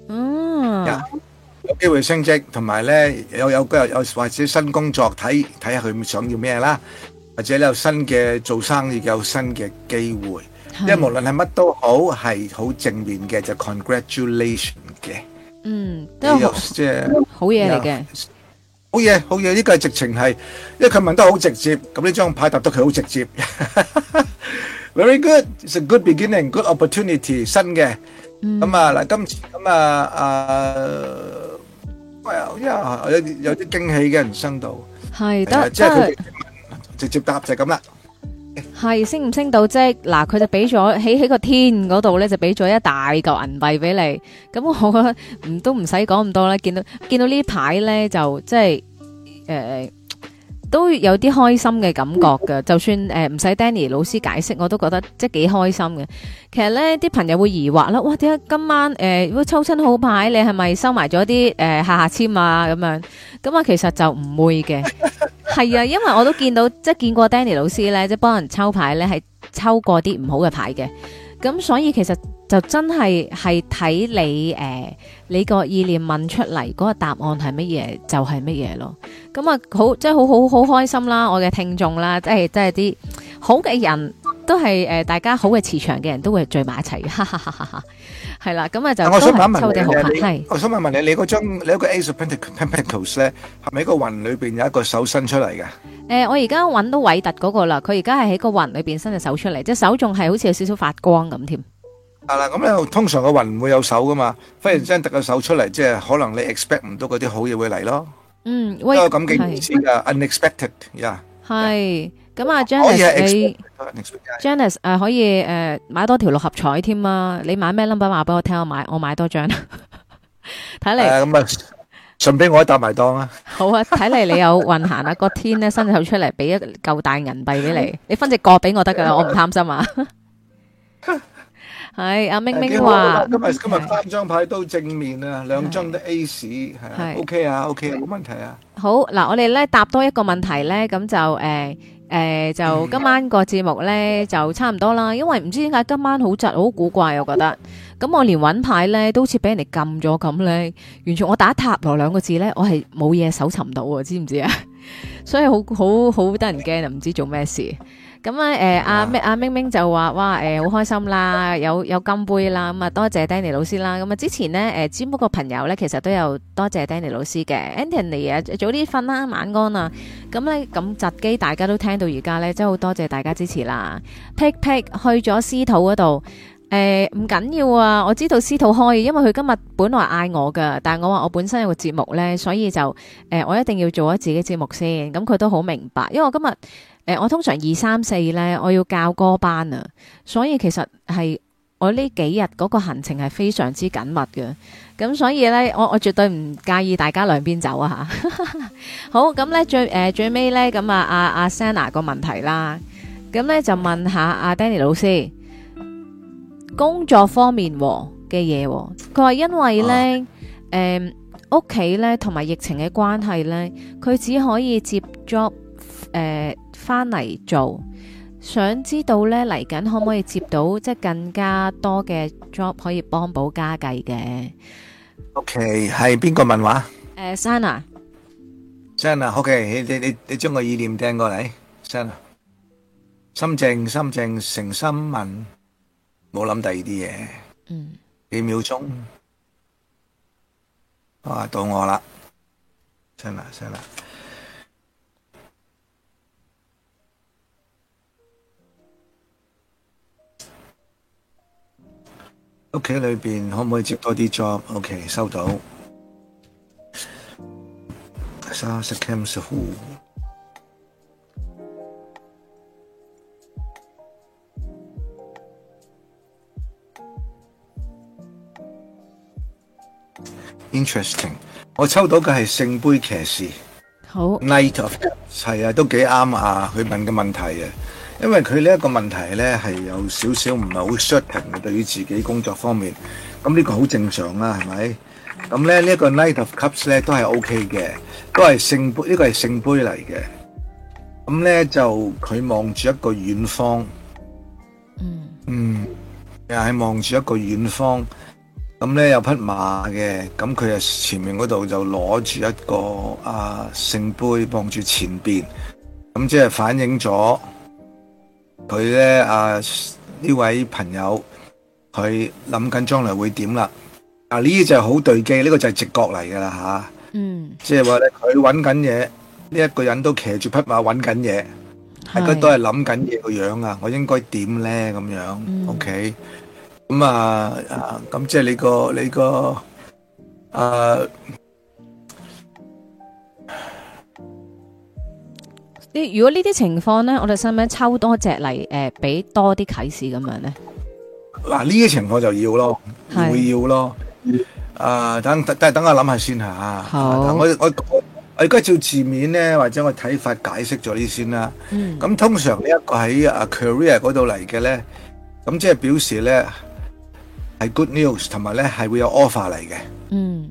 嗯。有機會升職，同埋咧，有有有有或者新工作，睇睇下佢想要咩啦，或者有新嘅做生意，有新嘅機會，因為無論係乜都好，係好正面嘅，就 congratulation 嘅，嗯，即係好嘢嚟嘅，好嘢好嘢，呢個係直情係，因為佢問得好直接，咁呢張牌答得佢好直接，very good，it's a good beginning，good opportunity，新嘅。咁啊嗱，今次咁啊啊，因為有有啲驚喜嘅人生到，係得，即係佢哋直接答就係咁啦。係升唔升到職？嗱，佢就俾咗起喺個天嗰度咧，就俾咗一大嚿銀幣俾你。咁我覺得唔都唔使講咁多啦。見到見到呢排咧，就即係誒。都有啲開心嘅感覺噶，就算誒唔使 Danny 老師解釋，我都覺得即係幾開心嘅。其實呢啲朋友會疑惑啦，哇點解今晚果、呃、抽親好牌，你係咪收埋咗啲誒下下簽啊咁樣？咁啊，其實就唔會嘅，係 [LAUGHS] 啊，因為我都見到即係見過 Danny 老師呢，即係幫人抽牌呢，係抽過啲唔好嘅牌嘅。咁所以其實就真係係睇你誒、呃，你個意念問出嚟嗰個答案係乜嘢，就係乜嘢咯。咁啊，好即係好好好開心啦！我嘅聽眾啦，即係即係啲好嘅人都係誒、呃，大家好嘅磁場嘅人都會聚埋一齊。哈哈哈哈係啦，咁啊就我想問問你，我想問問你，你嗰張你一個 Ace of Pentacles 咧，係咪喺個雲裏邊有一個手伸出嚟嘅？誒，我而家揾到韋特嗰個啦，佢而家係喺個雲裏邊伸隻手出嚟，隻手仲係好似有少少發光咁添。係啦，咁你通常個雲唔會有手噶嘛，忽然之間突個手出嚟，即係可能你 expect 唔到嗰啲好嘢會嚟咯。嗯，因為咁嘅意思噶 unexpected 呀。係。咁啊，Janice，你 Janice 誒，可以誒買多條六合彩添啊！你買咩 number 話俾我聽，我買我買多張。睇嚟，咁啊，順便我搭埋檔啊！好啊，睇嚟你有運行啊！個天咧伸手出嚟，俾一嚿大銀幣俾你，你分只個俾我得噶，我唔貪心啊！係阿明明話，今日今日翻張牌都正面啊，兩張都 A 市係，OK 啊，OK 冇問題啊。好嗱，我哋咧答多一個問題咧，咁就誒。誒、呃、就今晚個節目呢，就差唔多啦，因為唔知點解今晚好窒好古怪，我覺得。咁我連揾牌呢，都似俾人哋撳咗咁呢，完全我打塔羅兩個字呢，我係冇嘢搜尋到喎，知唔知啊？ [LAUGHS] 所以好好好得人驚啊，唔知做咩事。咁、呃、啊，誒，阿阿明明就話，哇，誒、呃，好開心啦，有有金杯啦，咁啊，多謝 Danny 老師啦。咁啊，之前呢，誒占卜個朋友呢，其實都有多謝 Danny 老師嘅。Anthony 啊，早啲瞓啦，晚安啊。咁呢，咁窒機大家都聽到而家呢，真係好多謝大家支持啦。Pick Pick 去咗司徒嗰度，誒、呃，唔緊要啊，我知道司徒開，因為佢今日本來嗌我噶，但係我話我本身有個節目呢，所以就，誒、呃，我一定要做咗自己節目先。咁佢都好明白，因為我今日。誒、呃，我通常二三四咧，我要教歌班啊，所以其實係我呢幾日嗰個行程係非常之緊密嘅，咁所以咧，我我絕對唔介意大家兩邊走啊吓。 [LAUGHS] 好，咁、嗯、咧最誒、呃、最尾咧咁啊阿阿、啊啊、Senna 個問題啦，咁、嗯、咧、嗯、就問下阿、啊、Danny 老師工作方面嘅嘢，佢話因為咧誒屋企咧同埋疫情嘅關係咧，佢只可以接 j 誒、呃，翻嚟做，想知道咧嚟緊可唔可以接到即係更加多嘅 job 可以幫補家計嘅？OK，係邊個問話？誒、呃、，Sana，Sana，OK，、okay, 你你你你將個意念掟過嚟，Sana，心靜心靜誠心問，冇諗第二啲嘢，嗯，幾秒鐘，啊，到我啦，Sana，Sana。Sana, Sana. 屋企裏邊可唔可以接多啲 job？OK，收到。三十 cams who？Interesting，我抽到嘅係聖杯騎士。好。Knight of，係啊，都幾啱啊！佢問嘅問題啊。因為佢呢一個問題呢，係有少少唔係好 sure 嘅，對於自己工作方面，咁呢個好正常啦、啊，係咪？咁咧呢一、這個 Night of Cups 呢，都係 O K 嘅，都係聖杯，呢、這個係聖杯嚟嘅。咁呢，就佢望住一個遠方，嗯，嗯，又係望住一個遠方。咁呢，有匹馬嘅，咁佢啊前面嗰度就攞住一個啊聖杯，望住前邊，咁即係反映咗。佢咧啊呢位朋友，佢諗緊將來會點啦？啊呢就係好對機，呢個就係直覺嚟噶啦吓。嗯，即係話咧，佢揾緊嘢，呢一個人都騎住匹馬揾緊嘢，大家都係諗緊嘢個樣啊，我應該點咧咁樣？O K，咁啊啊咁即係你個你個啊。呢如果這些況，呢啲情況咧，我哋使唔使抽多隻嚟誒，俾多啲啟示咁樣咧。嗱呢啲情況就要咯，會要咯。是 uh, 我想想啊，等等等下諗下先吓。我我我而家照字面咧，或者我睇法解釋咗呢啲先啦，啊。咁、嗯、通常這在呢一個喺啊 career 嗰度嚟嘅咧，咁即係表示咧係 good news，同埋咧係會有 offer 嚟嘅。嗯。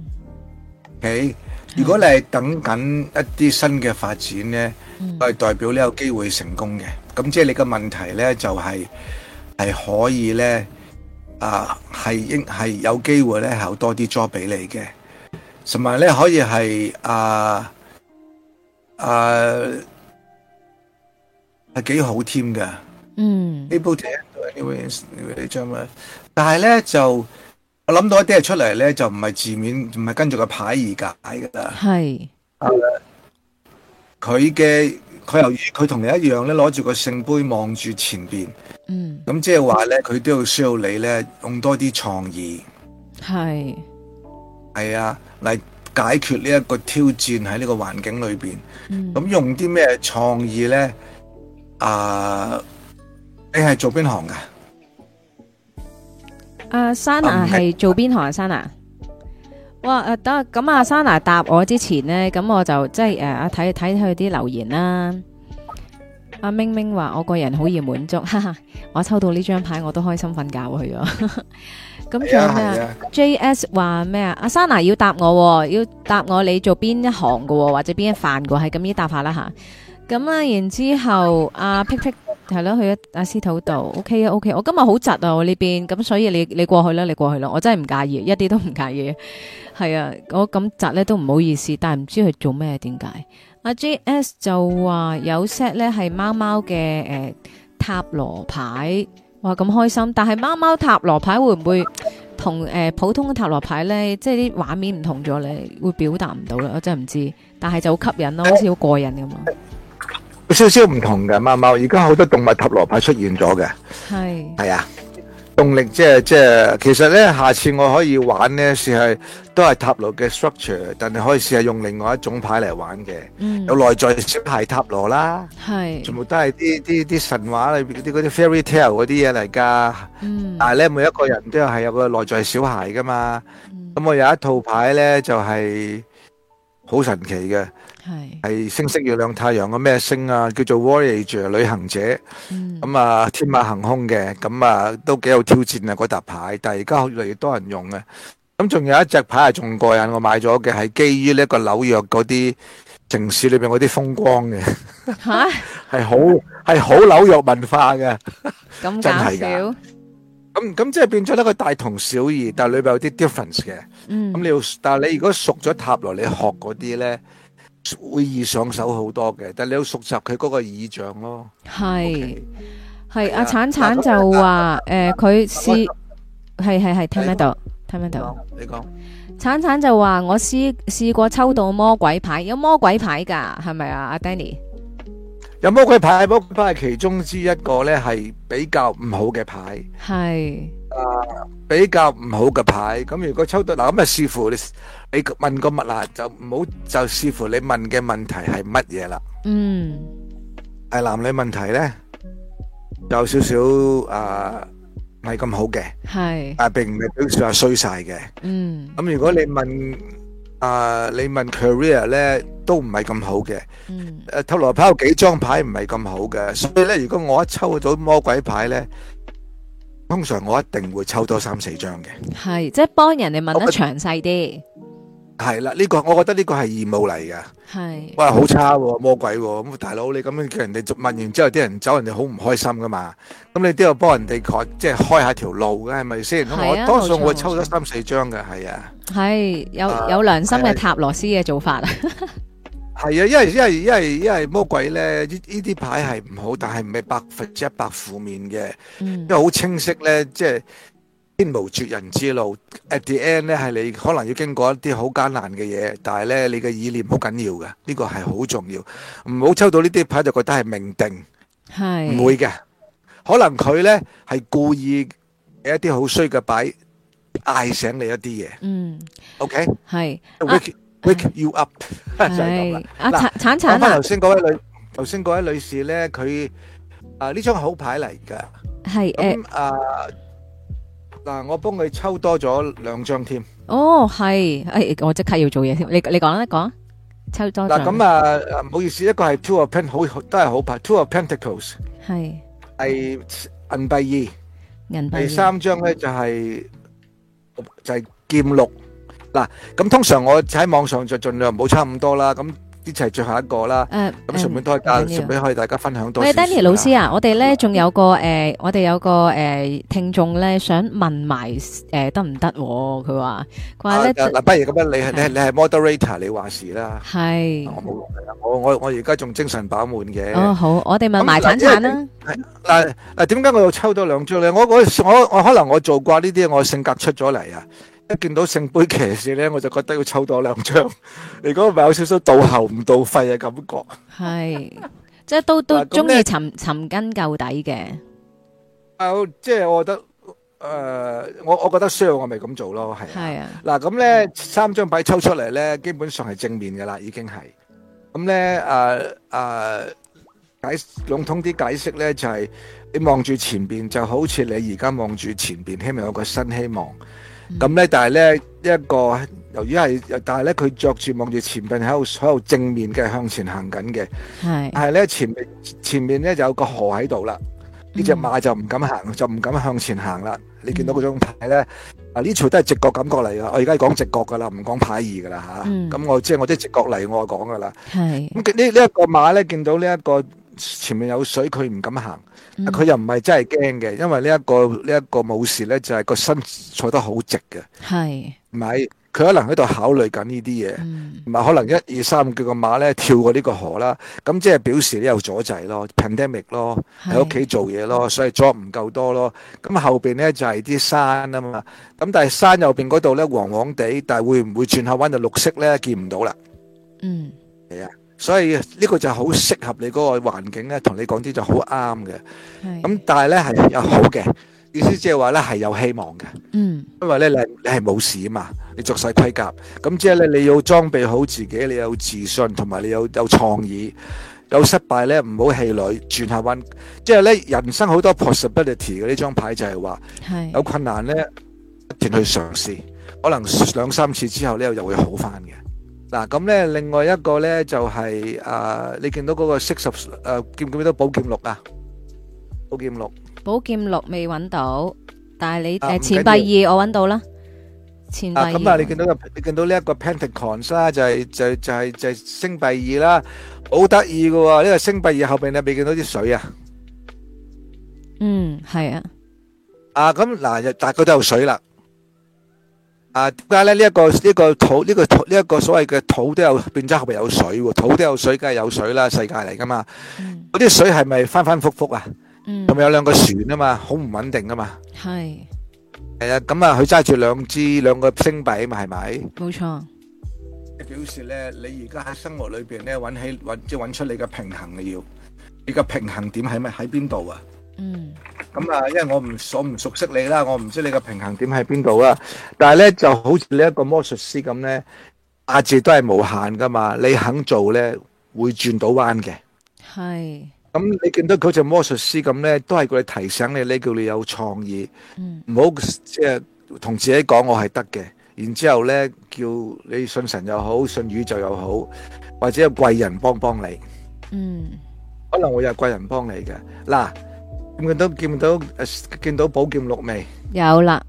誒、okay？如果你係等緊一啲新嘅發展咧，係代表你有機會成功嘅。咁即係你嘅問題咧，就係係可以咧啊，係應係有機會咧，考多啲 job 俾你嘅，同埋咧可以係啊啊係幾好添㗎。嗯，你報第一對 new ways 你 journal，但係咧就。我諗到一啲嘢出嚟咧，就唔係字面，唔係跟住個牌而解噶啦。係，佢嘅佢由佢同你一樣咧，攞住個聖杯望住前邊。嗯，咁即係話咧，佢都要需要你咧，用多啲創意。係，係啊，嚟解決呢一個挑戰喺呢個環境裏邊。咁、嗯、用啲咩創意咧？啊，你係做邊行噶？阿莎娜係做邊行啊？莎娜，哇、啊、誒，得咁阿莎娜答我之前呢，咁我就即係誒，睇睇佢啲留言啦。阿、啊、明明話我個人好易滿足，哈哈，我抽到呢張牌我都開心瞓覺去咗。咁 [LAUGHS] 仲有咩啊？J S 話咩啊？阿莎娜要答我、啊，要答我你做邊一行噶、啊，或者邊一範噶、啊，係咁依答下啦、啊、吓。咁啊，然之後阿 pic 係咯，去阿、啊、阿司徒度。O K 啊，O K。我今日好窒啊，我呢邊咁，所以你你過去啦，你過去啦，我真係唔介意，一啲都唔介意。係啊，我咁窒咧都唔好意思，但係唔知佢做咩點解。阿 J S 就話有 set 咧係貓貓嘅誒、呃、塔羅牌，哇咁開心！但係貓貓塔羅牌會唔會同誒、呃、普通嘅塔羅牌咧，即係啲畫面唔同咗咧，會表達唔到啦。我真係唔知，但係就好吸引咯、啊，好似好過癮咁啊！有少少唔同嘅，貓貓而家好多動物塔羅牌出現咗嘅，係係啊，動力即係即係，其實咧下次我可以玩呢，試係都係塔羅嘅 structure，但係可以試下用另外一種牌嚟玩嘅，有內在小孩塔羅啦，係、嗯，全部都係啲啲啲神話裏邊嗰啲嗰啲 fairy tale 嗰啲嘢嚟噶，但係咧每一個人都係有個內在小孩噶嘛，咁我有一套牌咧就係、是。好神奇嘅，係係星星月亮太陽嘅咩星啊，叫做 Voyager 旅行者，咁、嗯、啊、嗯、天馬行空嘅，咁、嗯、啊都幾有挑戰啊嗰沓牌，但係而家越嚟越多人用啊，咁仲有一隻牌係仲過癮，我買咗嘅係基於呢一個紐約嗰啲城市裏邊嗰啲風光嘅，吓係好係好紐約文化嘅，咁 [LAUGHS] 搞笑。真係嘅咁、嗯、咁、嗯嗯嗯、即係變咗咧，佢大同小異，但係裏邊有啲 difference 嘅。咁你要，但係你如果熟咗塔羅，你學嗰啲咧，會易上手好多嘅。但係你要熟習佢嗰個意象咯。係，係阿橙橙就話，誒、呃，佢試，係係係，聽得到？聽得到？你講。橙橙就話我試試過抽到魔鬼牌，有魔鬼牌噶，係咪啊？阿 Danny。有乜嘅牌？嗰牌係其中之一個咧，係比較唔好嘅牌。係，啊，比較唔好嘅牌。咁如果抽到嗱，咁啊，視乎你你問個乜啊，就唔好，就視乎你問嘅問題係乜嘢啦。嗯，係男女問題咧，有少少啊，唔係咁好嘅。係，但係並唔係表示話衰晒嘅。嗯，咁如果你問。啊、uh，你問 career 咧，都唔係咁好嘅。嗯，誒塔羅牌有幾張牌唔係咁好嘅，所以咧，如果我一抽到魔鬼牌咧，通常我一定會抽多三四張嘅，係即係幫人哋問得詳細啲。 [NOISE] 係啦，呢、這個我覺得呢個係義務嚟噶。係，哇，好差喎、啊，魔鬼喎、啊！咁大佬你咁樣叫人哋問完之後，啲人走人哋好唔開心噶嘛？咁你都要幫人哋開，即係開下條路嘅、啊，係咪先？啊、我多數我抽咗三四張嘅，係啊。係、啊、有有良心嘅塔羅師嘅做法啊。係啊，啊，因為因為因為因為魔鬼咧，呢依啲牌係唔好，但係唔係百分之一百負面嘅、嗯，因為好清晰咧，即係。天無絕人之路，at the end，咧係你可能要經過一啲好艱難嘅嘢，但係咧你嘅意念好緊要嘅，呢個係好重要。唔好抽到呢啲牌就覺得係命定，係唔會嘅。可能佢咧係故意畀一啲好衰嘅牌嗌醒你一啲嘢。嗯，OK，係 wake wake you up 就係咁啦。阿產產啊，講翻頭先嗰位女，頭先嗰位女士咧，佢啊呢張好牌嚟噶，係咁啊。嗱，我幫佢抽多咗兩張添。哦，係，誒，我即刻要做嘢添。你你講啦，講，抽多兩張。嗱，咁啊，唔好意思，一個係 Two of Pent 好都係好牌，Two of Pentacles。係。係銀幣二。銀幣二。第三張咧就係就係劍六。嗱，咁通常我喺網上就盡量唔好差咁多啦。咁。呢次最後一個啦，咁、呃、順、嗯、便都可以，順便可以大家分享多啲。喂，Danny 老師啊，我哋咧仲有個誒、呃，我哋有個誒聽眾咧想問埋誒得唔得？佢話嗱不如咁樣，你係你係 moderator，你話事啦。係，我我我而家仲精神飽滿嘅。哦，好，我哋問埋產產啦。嗱嗱，點解我又抽到兩張咧？我我我，我可能我做慣呢啲，我性格出咗嚟啊！一見到聖杯騎士咧，我就覺得要抽多兩張。如果唔係有少少倒喉唔倒肺嘅感覺，係即係都 [LAUGHS] 都中意尋尋根究底嘅。啊，即係我覺得誒、呃，我我覺得需要我咪咁做咯，係啊。嗱、啊、咁、啊、咧、嗯、三張牌抽出嚟咧，基本上係正面嘅啦，已經係咁咧。誒誒、啊啊、解籠統啲解釋咧，就係、是、你望住前邊就好似你而家望住前邊，希望有個新希望。咁、嗯、咧，但係咧一個由於係，但係咧佢着住望住前邊喺度，喺度正面嘅向前行緊嘅。但係咧，前面前面咧就有個河喺度啦。呢、嗯、隻馬就唔敢行，就唔敢向前行啦。你見到嗰種牌咧、嗯？啊，呢全都係直覺感覺嚟㗎。我而家講直覺㗎啦，唔講牌意㗎啦吓。咁我即係我啲直覺嚟，我講㗎啦。咁呢呢一個馬咧，見到呢、這、一個。前面有水，佢唔敢行。佢又唔係真係驚嘅，因為呢、這、一個呢一、這個武士呢，就係、是、個身坐得好直嘅，係唔係？佢可能喺度考慮緊呢啲嘢，唔、嗯、係可能一二三叫個馬呢跳過呢個河啦。咁即係表示呢有阻滯咯，pandemic 咯，喺屋企做嘢咯，所以阻唔夠多咯。咁後邊呢，就係、是、啲山啊嘛。咁但係山右邊嗰度呢，黃黃地，但係會唔會轉下彎就綠色呢？見唔到啦。嗯，係啊。所以呢個就好適合你嗰個環境呢同你講啲就好啱嘅。咁、嗯、但係呢係有好嘅意思是說，即係話呢係有希望嘅。嗯，因為呢你你係冇事啊嘛，你著曬盔甲。咁即係呢，你要裝備好自己，你有自信同埋你有有創意。有失敗呢唔好氣餒，轉下運。即係呢，人生好多 possibility 嘅。呢張牌就係話，有困難呢，不斷去嘗試，可能兩三次之後呢，又會好翻嘅。嗱咁咧，另外一個咧就係誒，你見到嗰個 Six of 誒，見唔見到寶劍六啊？寶劍六，寶劍六未揾到，但係你誒，錢幣二我揾到啦。錢幣二咁啊！你見到個，你見到呢一個 Pentacles 啦，就係就就係就係星幣二啦，好得意嘅喎！呢個星幣二後邊你未見到啲水啊。嗯，係啊。啊，咁嗱，就大概都有水啦。啊，點解咧？呢、呢、一個呢、呢個土呢、呢個土呢一、呢個所謂嘅土都有變咗後邊有水？土都有水，梗係有水啦，世界嚟噶嘛？嗰、嗯、啲水係咪翻翻覆覆啊？嗯，係咪有兩個船啊嘛？好唔穩定噶嘛？係，係啊，咁啊，佢揸住兩支兩個星幣啊嘛？係咪？冇錯。表示咧，你而家喺生活裏邊咧，搵起搵，即搵出你嘅平衡你要，你嘅平衡點喺咪喺邊度啊？嗯，咁啊，因為我唔所唔熟悉你啦，我唔知你個平衡點喺邊度啦。但係咧就好似你一個魔術師咁咧，阿杰都係無限噶嘛，你肯做咧會轉到彎嘅。係，咁你見到佢似魔術師咁咧，都係佢提醒你，你叫你有創意，唔好即係同自己講我係得嘅。然之後咧，叫你信神又好，信宇宙又好，或者有貴人幫幫你。嗯，可能會有貴人幫你嘅。嗱。見唔到，見唔到，誒，見到寶劍六未？有啦，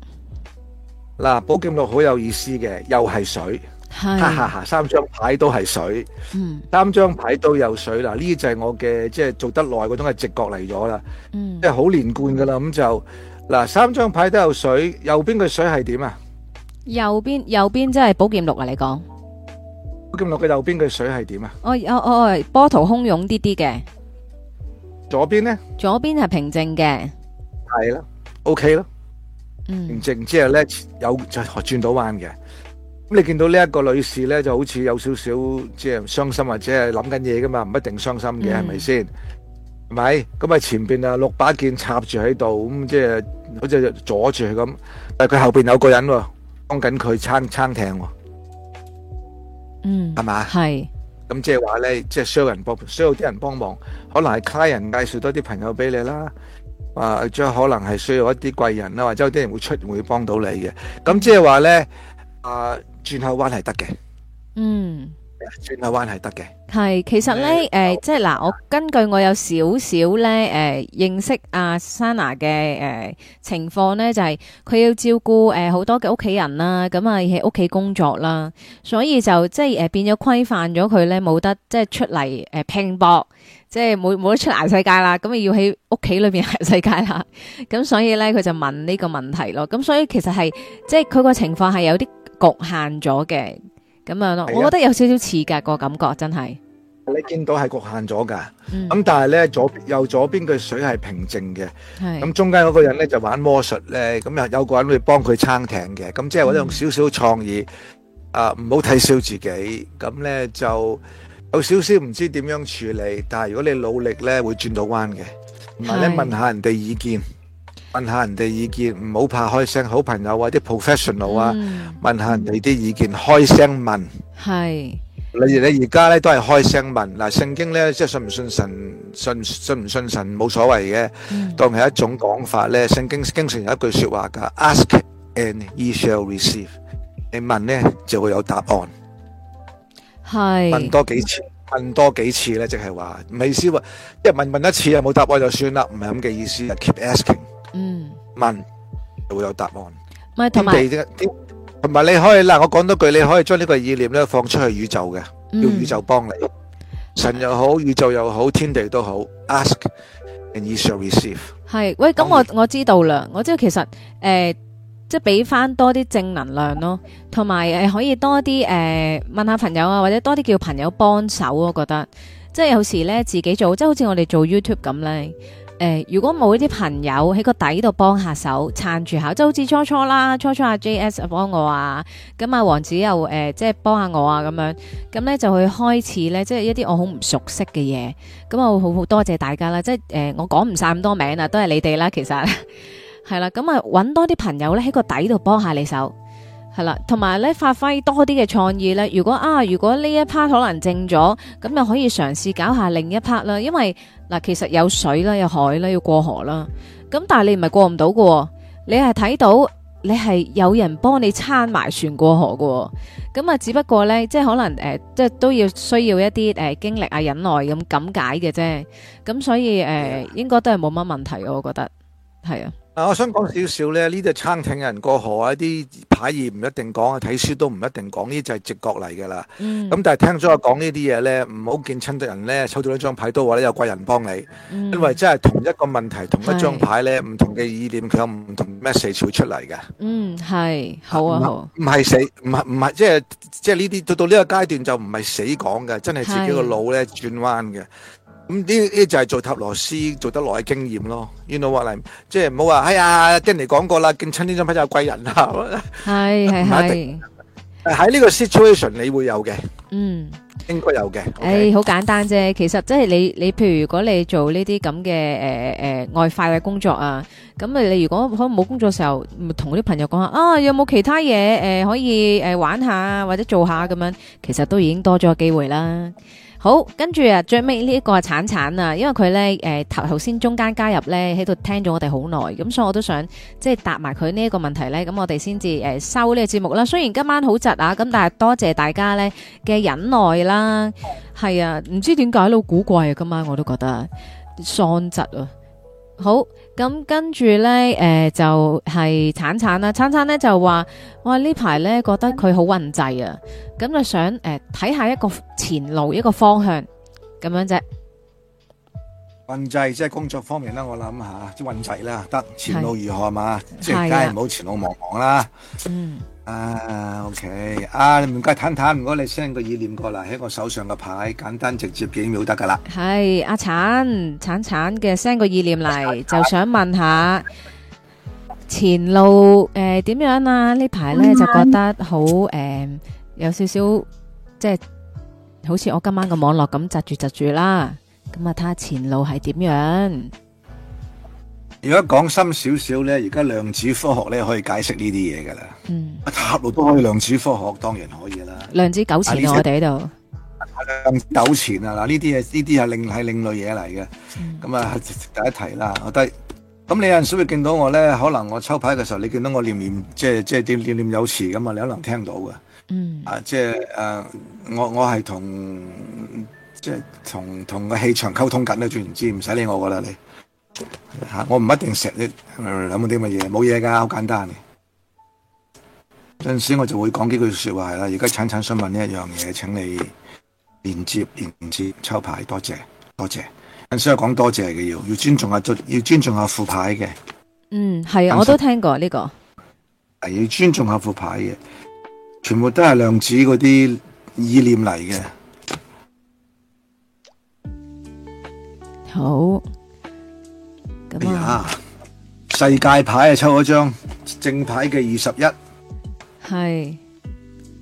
嗱，寶劍六好有意思嘅，又係水，係，三張牌都係水，嗯，三張牌都有水，嗱，呢就係我嘅，即係做得耐嗰種係直覺嚟咗啦，嗯，即係好連貫噶啦，咁就，嗱，三張牌都有水，右邊嘅水係點啊？右邊，右邊即係寶劍六啊，你講，寶劍六嘅右邊嘅水係點啊？哦，哦，哦，波濤洶湧啲啲嘅。左邊咧，左邊係平靜嘅，係咯，OK 咯，平靜之後咧有就轉到彎嘅。咁你見到呢一個女士咧，就好似有少少即係傷心或者係諗緊嘢噶嘛，唔一定傷心嘅，係咪先？係咪？咁啊，前邊啊六把劍插住喺度，咁即係好似阻住佢咁。但係佢後邊有個人幫緊佢撐撐艇，嗯，係嘛，係。咁即係話咧，即係需要人幫，需要啲人幫忙，可能係客人介紹多啲朋友俾你啦，啊，或者可能係需要一啲貴人啦，或者有啲人會出會幫到你嘅。咁即係話咧，啊，呃，轉下彎係得嘅。嗯。轉下彎係得嘅，係其實咧，誒、嗯呃，即係嗱、呃，我根據我有少少咧，誒、呃，認識阿 Sana 嘅誒情況咧，就係、是、佢要照顧誒好多嘅屋企人啦，咁啊喺屋企工作啦，所以就即係誒變咗規範咗佢咧，冇得即係出嚟誒拼搏，即係冇冇得出嚟行世界啦，咁啊要喺屋企裏邊行世界啦，咁所以咧佢就問呢個問題咯，咁所以其實係即係佢個情況係有啲局限咗嘅。咁樣咯，我覺得有少少似噶個感覺，真係你見到係局限咗噶，咁但係咧左右左邊嘅水係平靜嘅，咁中間嗰個人咧就玩魔術咧，咁有有個人會幫佢撐艇嘅，咁即係我用少少創意啊，唔好睇小自己，咁咧就有少少唔知點樣處理，但係如果你努力咧會轉到彎嘅，同埋咧問下人哋意見。問下人哋意見，唔好怕開聲。好朋友啊，啲 professional 啊，問下人哋啲意見，開聲問係。例如你哋咧，而家咧都係開聲問嗱。聖經咧，即係信唔信神，信信唔信神冇所謂嘅，當係一種講法咧。聖經經常有一句說話噶，Ask and you shall receive。你問咧就會有答案，係問多幾次，問多幾次咧，即係話唔係只話一問問一次啊，冇答案就算啦，唔係咁嘅意思啊，keep asking。.嗯，問就會有答案，唔係同埋同埋你可以嗱，我講多句，你可以將呢個意念咧放，放出去宇宙嘅，要宇宙幫你，嗯、神又好，宇宙又好，天地都好，Ask and you shall receive。係喂，咁我我知道啦，我知道其實誒、呃，即係俾翻多啲正能量咯，同埋誒可以多啲誒、呃、問下朋友啊，或者多啲叫朋友幫手，我覺得即係有時咧自己做，即係好似我哋做 YouTube 咁咧。誒、呃，如果冇啲朋友喺個底度幫下手，撐住下，即係好似初初啦，初初阿、啊、J S 幫我啊，咁啊王子又誒，即係幫下我啊咁樣，咁咧就會開始咧，即、就、係、是、一啲我好唔熟悉嘅嘢，咁我好好多謝大家啦，即係誒、呃，我講唔晒咁多名啊，都係你哋啦，其實係 [LAUGHS] 啦，咁啊，搵多啲朋友咧喺個底度幫下你手。係啦，同埋咧，發揮多啲嘅創意啦。如果啊，如果呢一 part 可能正咗，咁又可以嘗試搞下另一 part 啦。因為嗱，其實有水啦，有海啦，要過河啦。咁但係你唔係過唔到喎，你係睇到你係有人幫你撐埋船過河喎，喔。咁啊，只不過咧，即係可能誒、呃，即係都要需要一啲誒、呃、經歷啊、忍耐咁咁解嘅啫。咁所以誒、呃，應該都係冇乜問題，我覺得係啊。啊！我想講少少咧，呢啲餐廳人過河一啲牌意唔一定講啊，睇書都唔一定講、嗯、呢，就係直覺嚟㗎啦。咁但係聽咗我講呢啲嘢咧，唔好見親啲人咧抽到一張牌都話咧有貴人幫你，嗯、因為真係同一個問題同一張牌咧，唔同嘅意念佢有唔同嘅 message 會出嚟嘅。嗯，係好啊，好。唔係死，唔係唔係即係即係呢啲到到呢個階段就唔係死講嘅，真係自己個腦咧轉彎嘅。咁呢呢就係做塔羅師做得耐嘅經驗咯，you know what n 即係唔好話哎呀 Danny 講過啦，見親呢張牌有貴人啦係係係，喺 [LAUGHS] 呢個 situation 你會有嘅，嗯，應該有嘅，誒、okay? 哎，好簡單啫，其實即係你你譬如如果你做呢啲咁嘅誒誒外快嘅工作啊，咁你如果可能冇工作時候，同啲朋友講下啊，有冇其他嘢誒、呃、可以誒、呃、玩下或者做下咁樣，其實都已經多咗機會啦。好，跟住啊，最尾呢一個係橙橙啊，因為佢呢誒頭頭先中間加入呢，喺度聽咗我哋好耐，咁所以我都想即係答埋佢呢一個問題呢。咁我哋先至誒收呢個節目啦。雖然今晚好窒啊，咁但係多謝大家呢嘅忍耐啦，係啊，唔知點解好古怪啊，今晚我都覺得喪窒啊，好。咁、嗯、跟住咧、呃，就係慘慘啦，慘慘咧就話，哇呢排咧覺得佢好混滯啊，咁、嗯、就想誒睇、呃、下一個前路一個方向咁樣啫。運滯即係工作方面啦，我諗下，即運滯啦，得前路如何嘛，啊、即係梗係唔好前路茫茫啦。嗯。啊、ah,，OK，啊，唔該，坦坦，如果你 send 個意念過嚟，喺我手上嘅牌，簡單直接幾秒得㗎啦。係阿橙橙橙嘅 send 個意念嚟、啊，就想問下前路誒點、呃、樣啊？呢排呢，就覺得好誒、呃，有少少即係好似我今晚嘅網絡咁窒住窒住啦。咁啊，睇下前路係點樣。如果講深少少咧，而家量子科學咧可以解釋呢啲嘢噶啦。嗯，塔羅都可以量子科學，當然可以啦。量子糾纏，我哋喺度糾纏啊！嗱，呢啲嘢呢啲係另係另類嘢嚟嘅。咁、嗯、啊，第一題啦，我低。咁你有陣時會見到我咧，可能我抽牌嘅時候，你見到我念念，即係即係點念念有詞噶嘛？你可能聽到嘅。嗯。啊，即係誒、啊，我我係同即係同同個氣場溝通緊都仲唔知？唔使理我噶啦，你。我唔一定食你諗嗰啲乜嘢，冇嘢噶，好簡單。有陣時我就會講幾句話說話係啦。而家產產想問一樣嘢，請你連接連接抽牌，多謝多謝。有陣時係講多謝嘅，要要尊重下，要尊重下副牌嘅。嗯，係，我都聽過呢、呢個。要尊重下副牌嘅，全部都係量子嗰啲意念嚟嘅。好。哎呀，世界牌啊，抽咗張正牌嘅二十一，係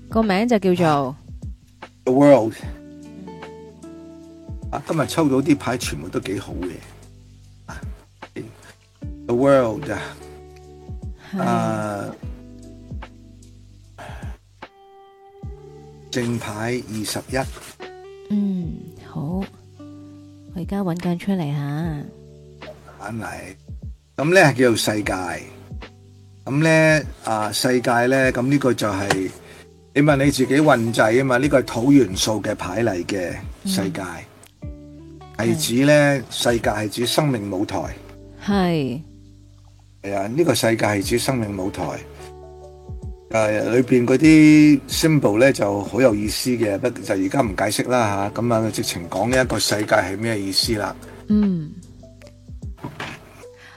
個名就叫做 The World。啊，今日抽到啲牌，全部都幾好嘅。The World，啊，正牌二十一。嗯，好，我而家揾緊出嚟吓。牌嚟咁咧係叫做世界，咁咧啊世界咧，咁呢個就係你問你自己運滯啊嘛？呢個係土元素嘅牌嚟嘅世界，係指咧世界係指生命舞台，係係啊，呢個世界係指生命舞台誒，裏邊嗰啲 symbol 咧就好有意思嘅，不就而家唔解釋啦吓，咁啊直情講呢一個世界係咩意思啦？嗯。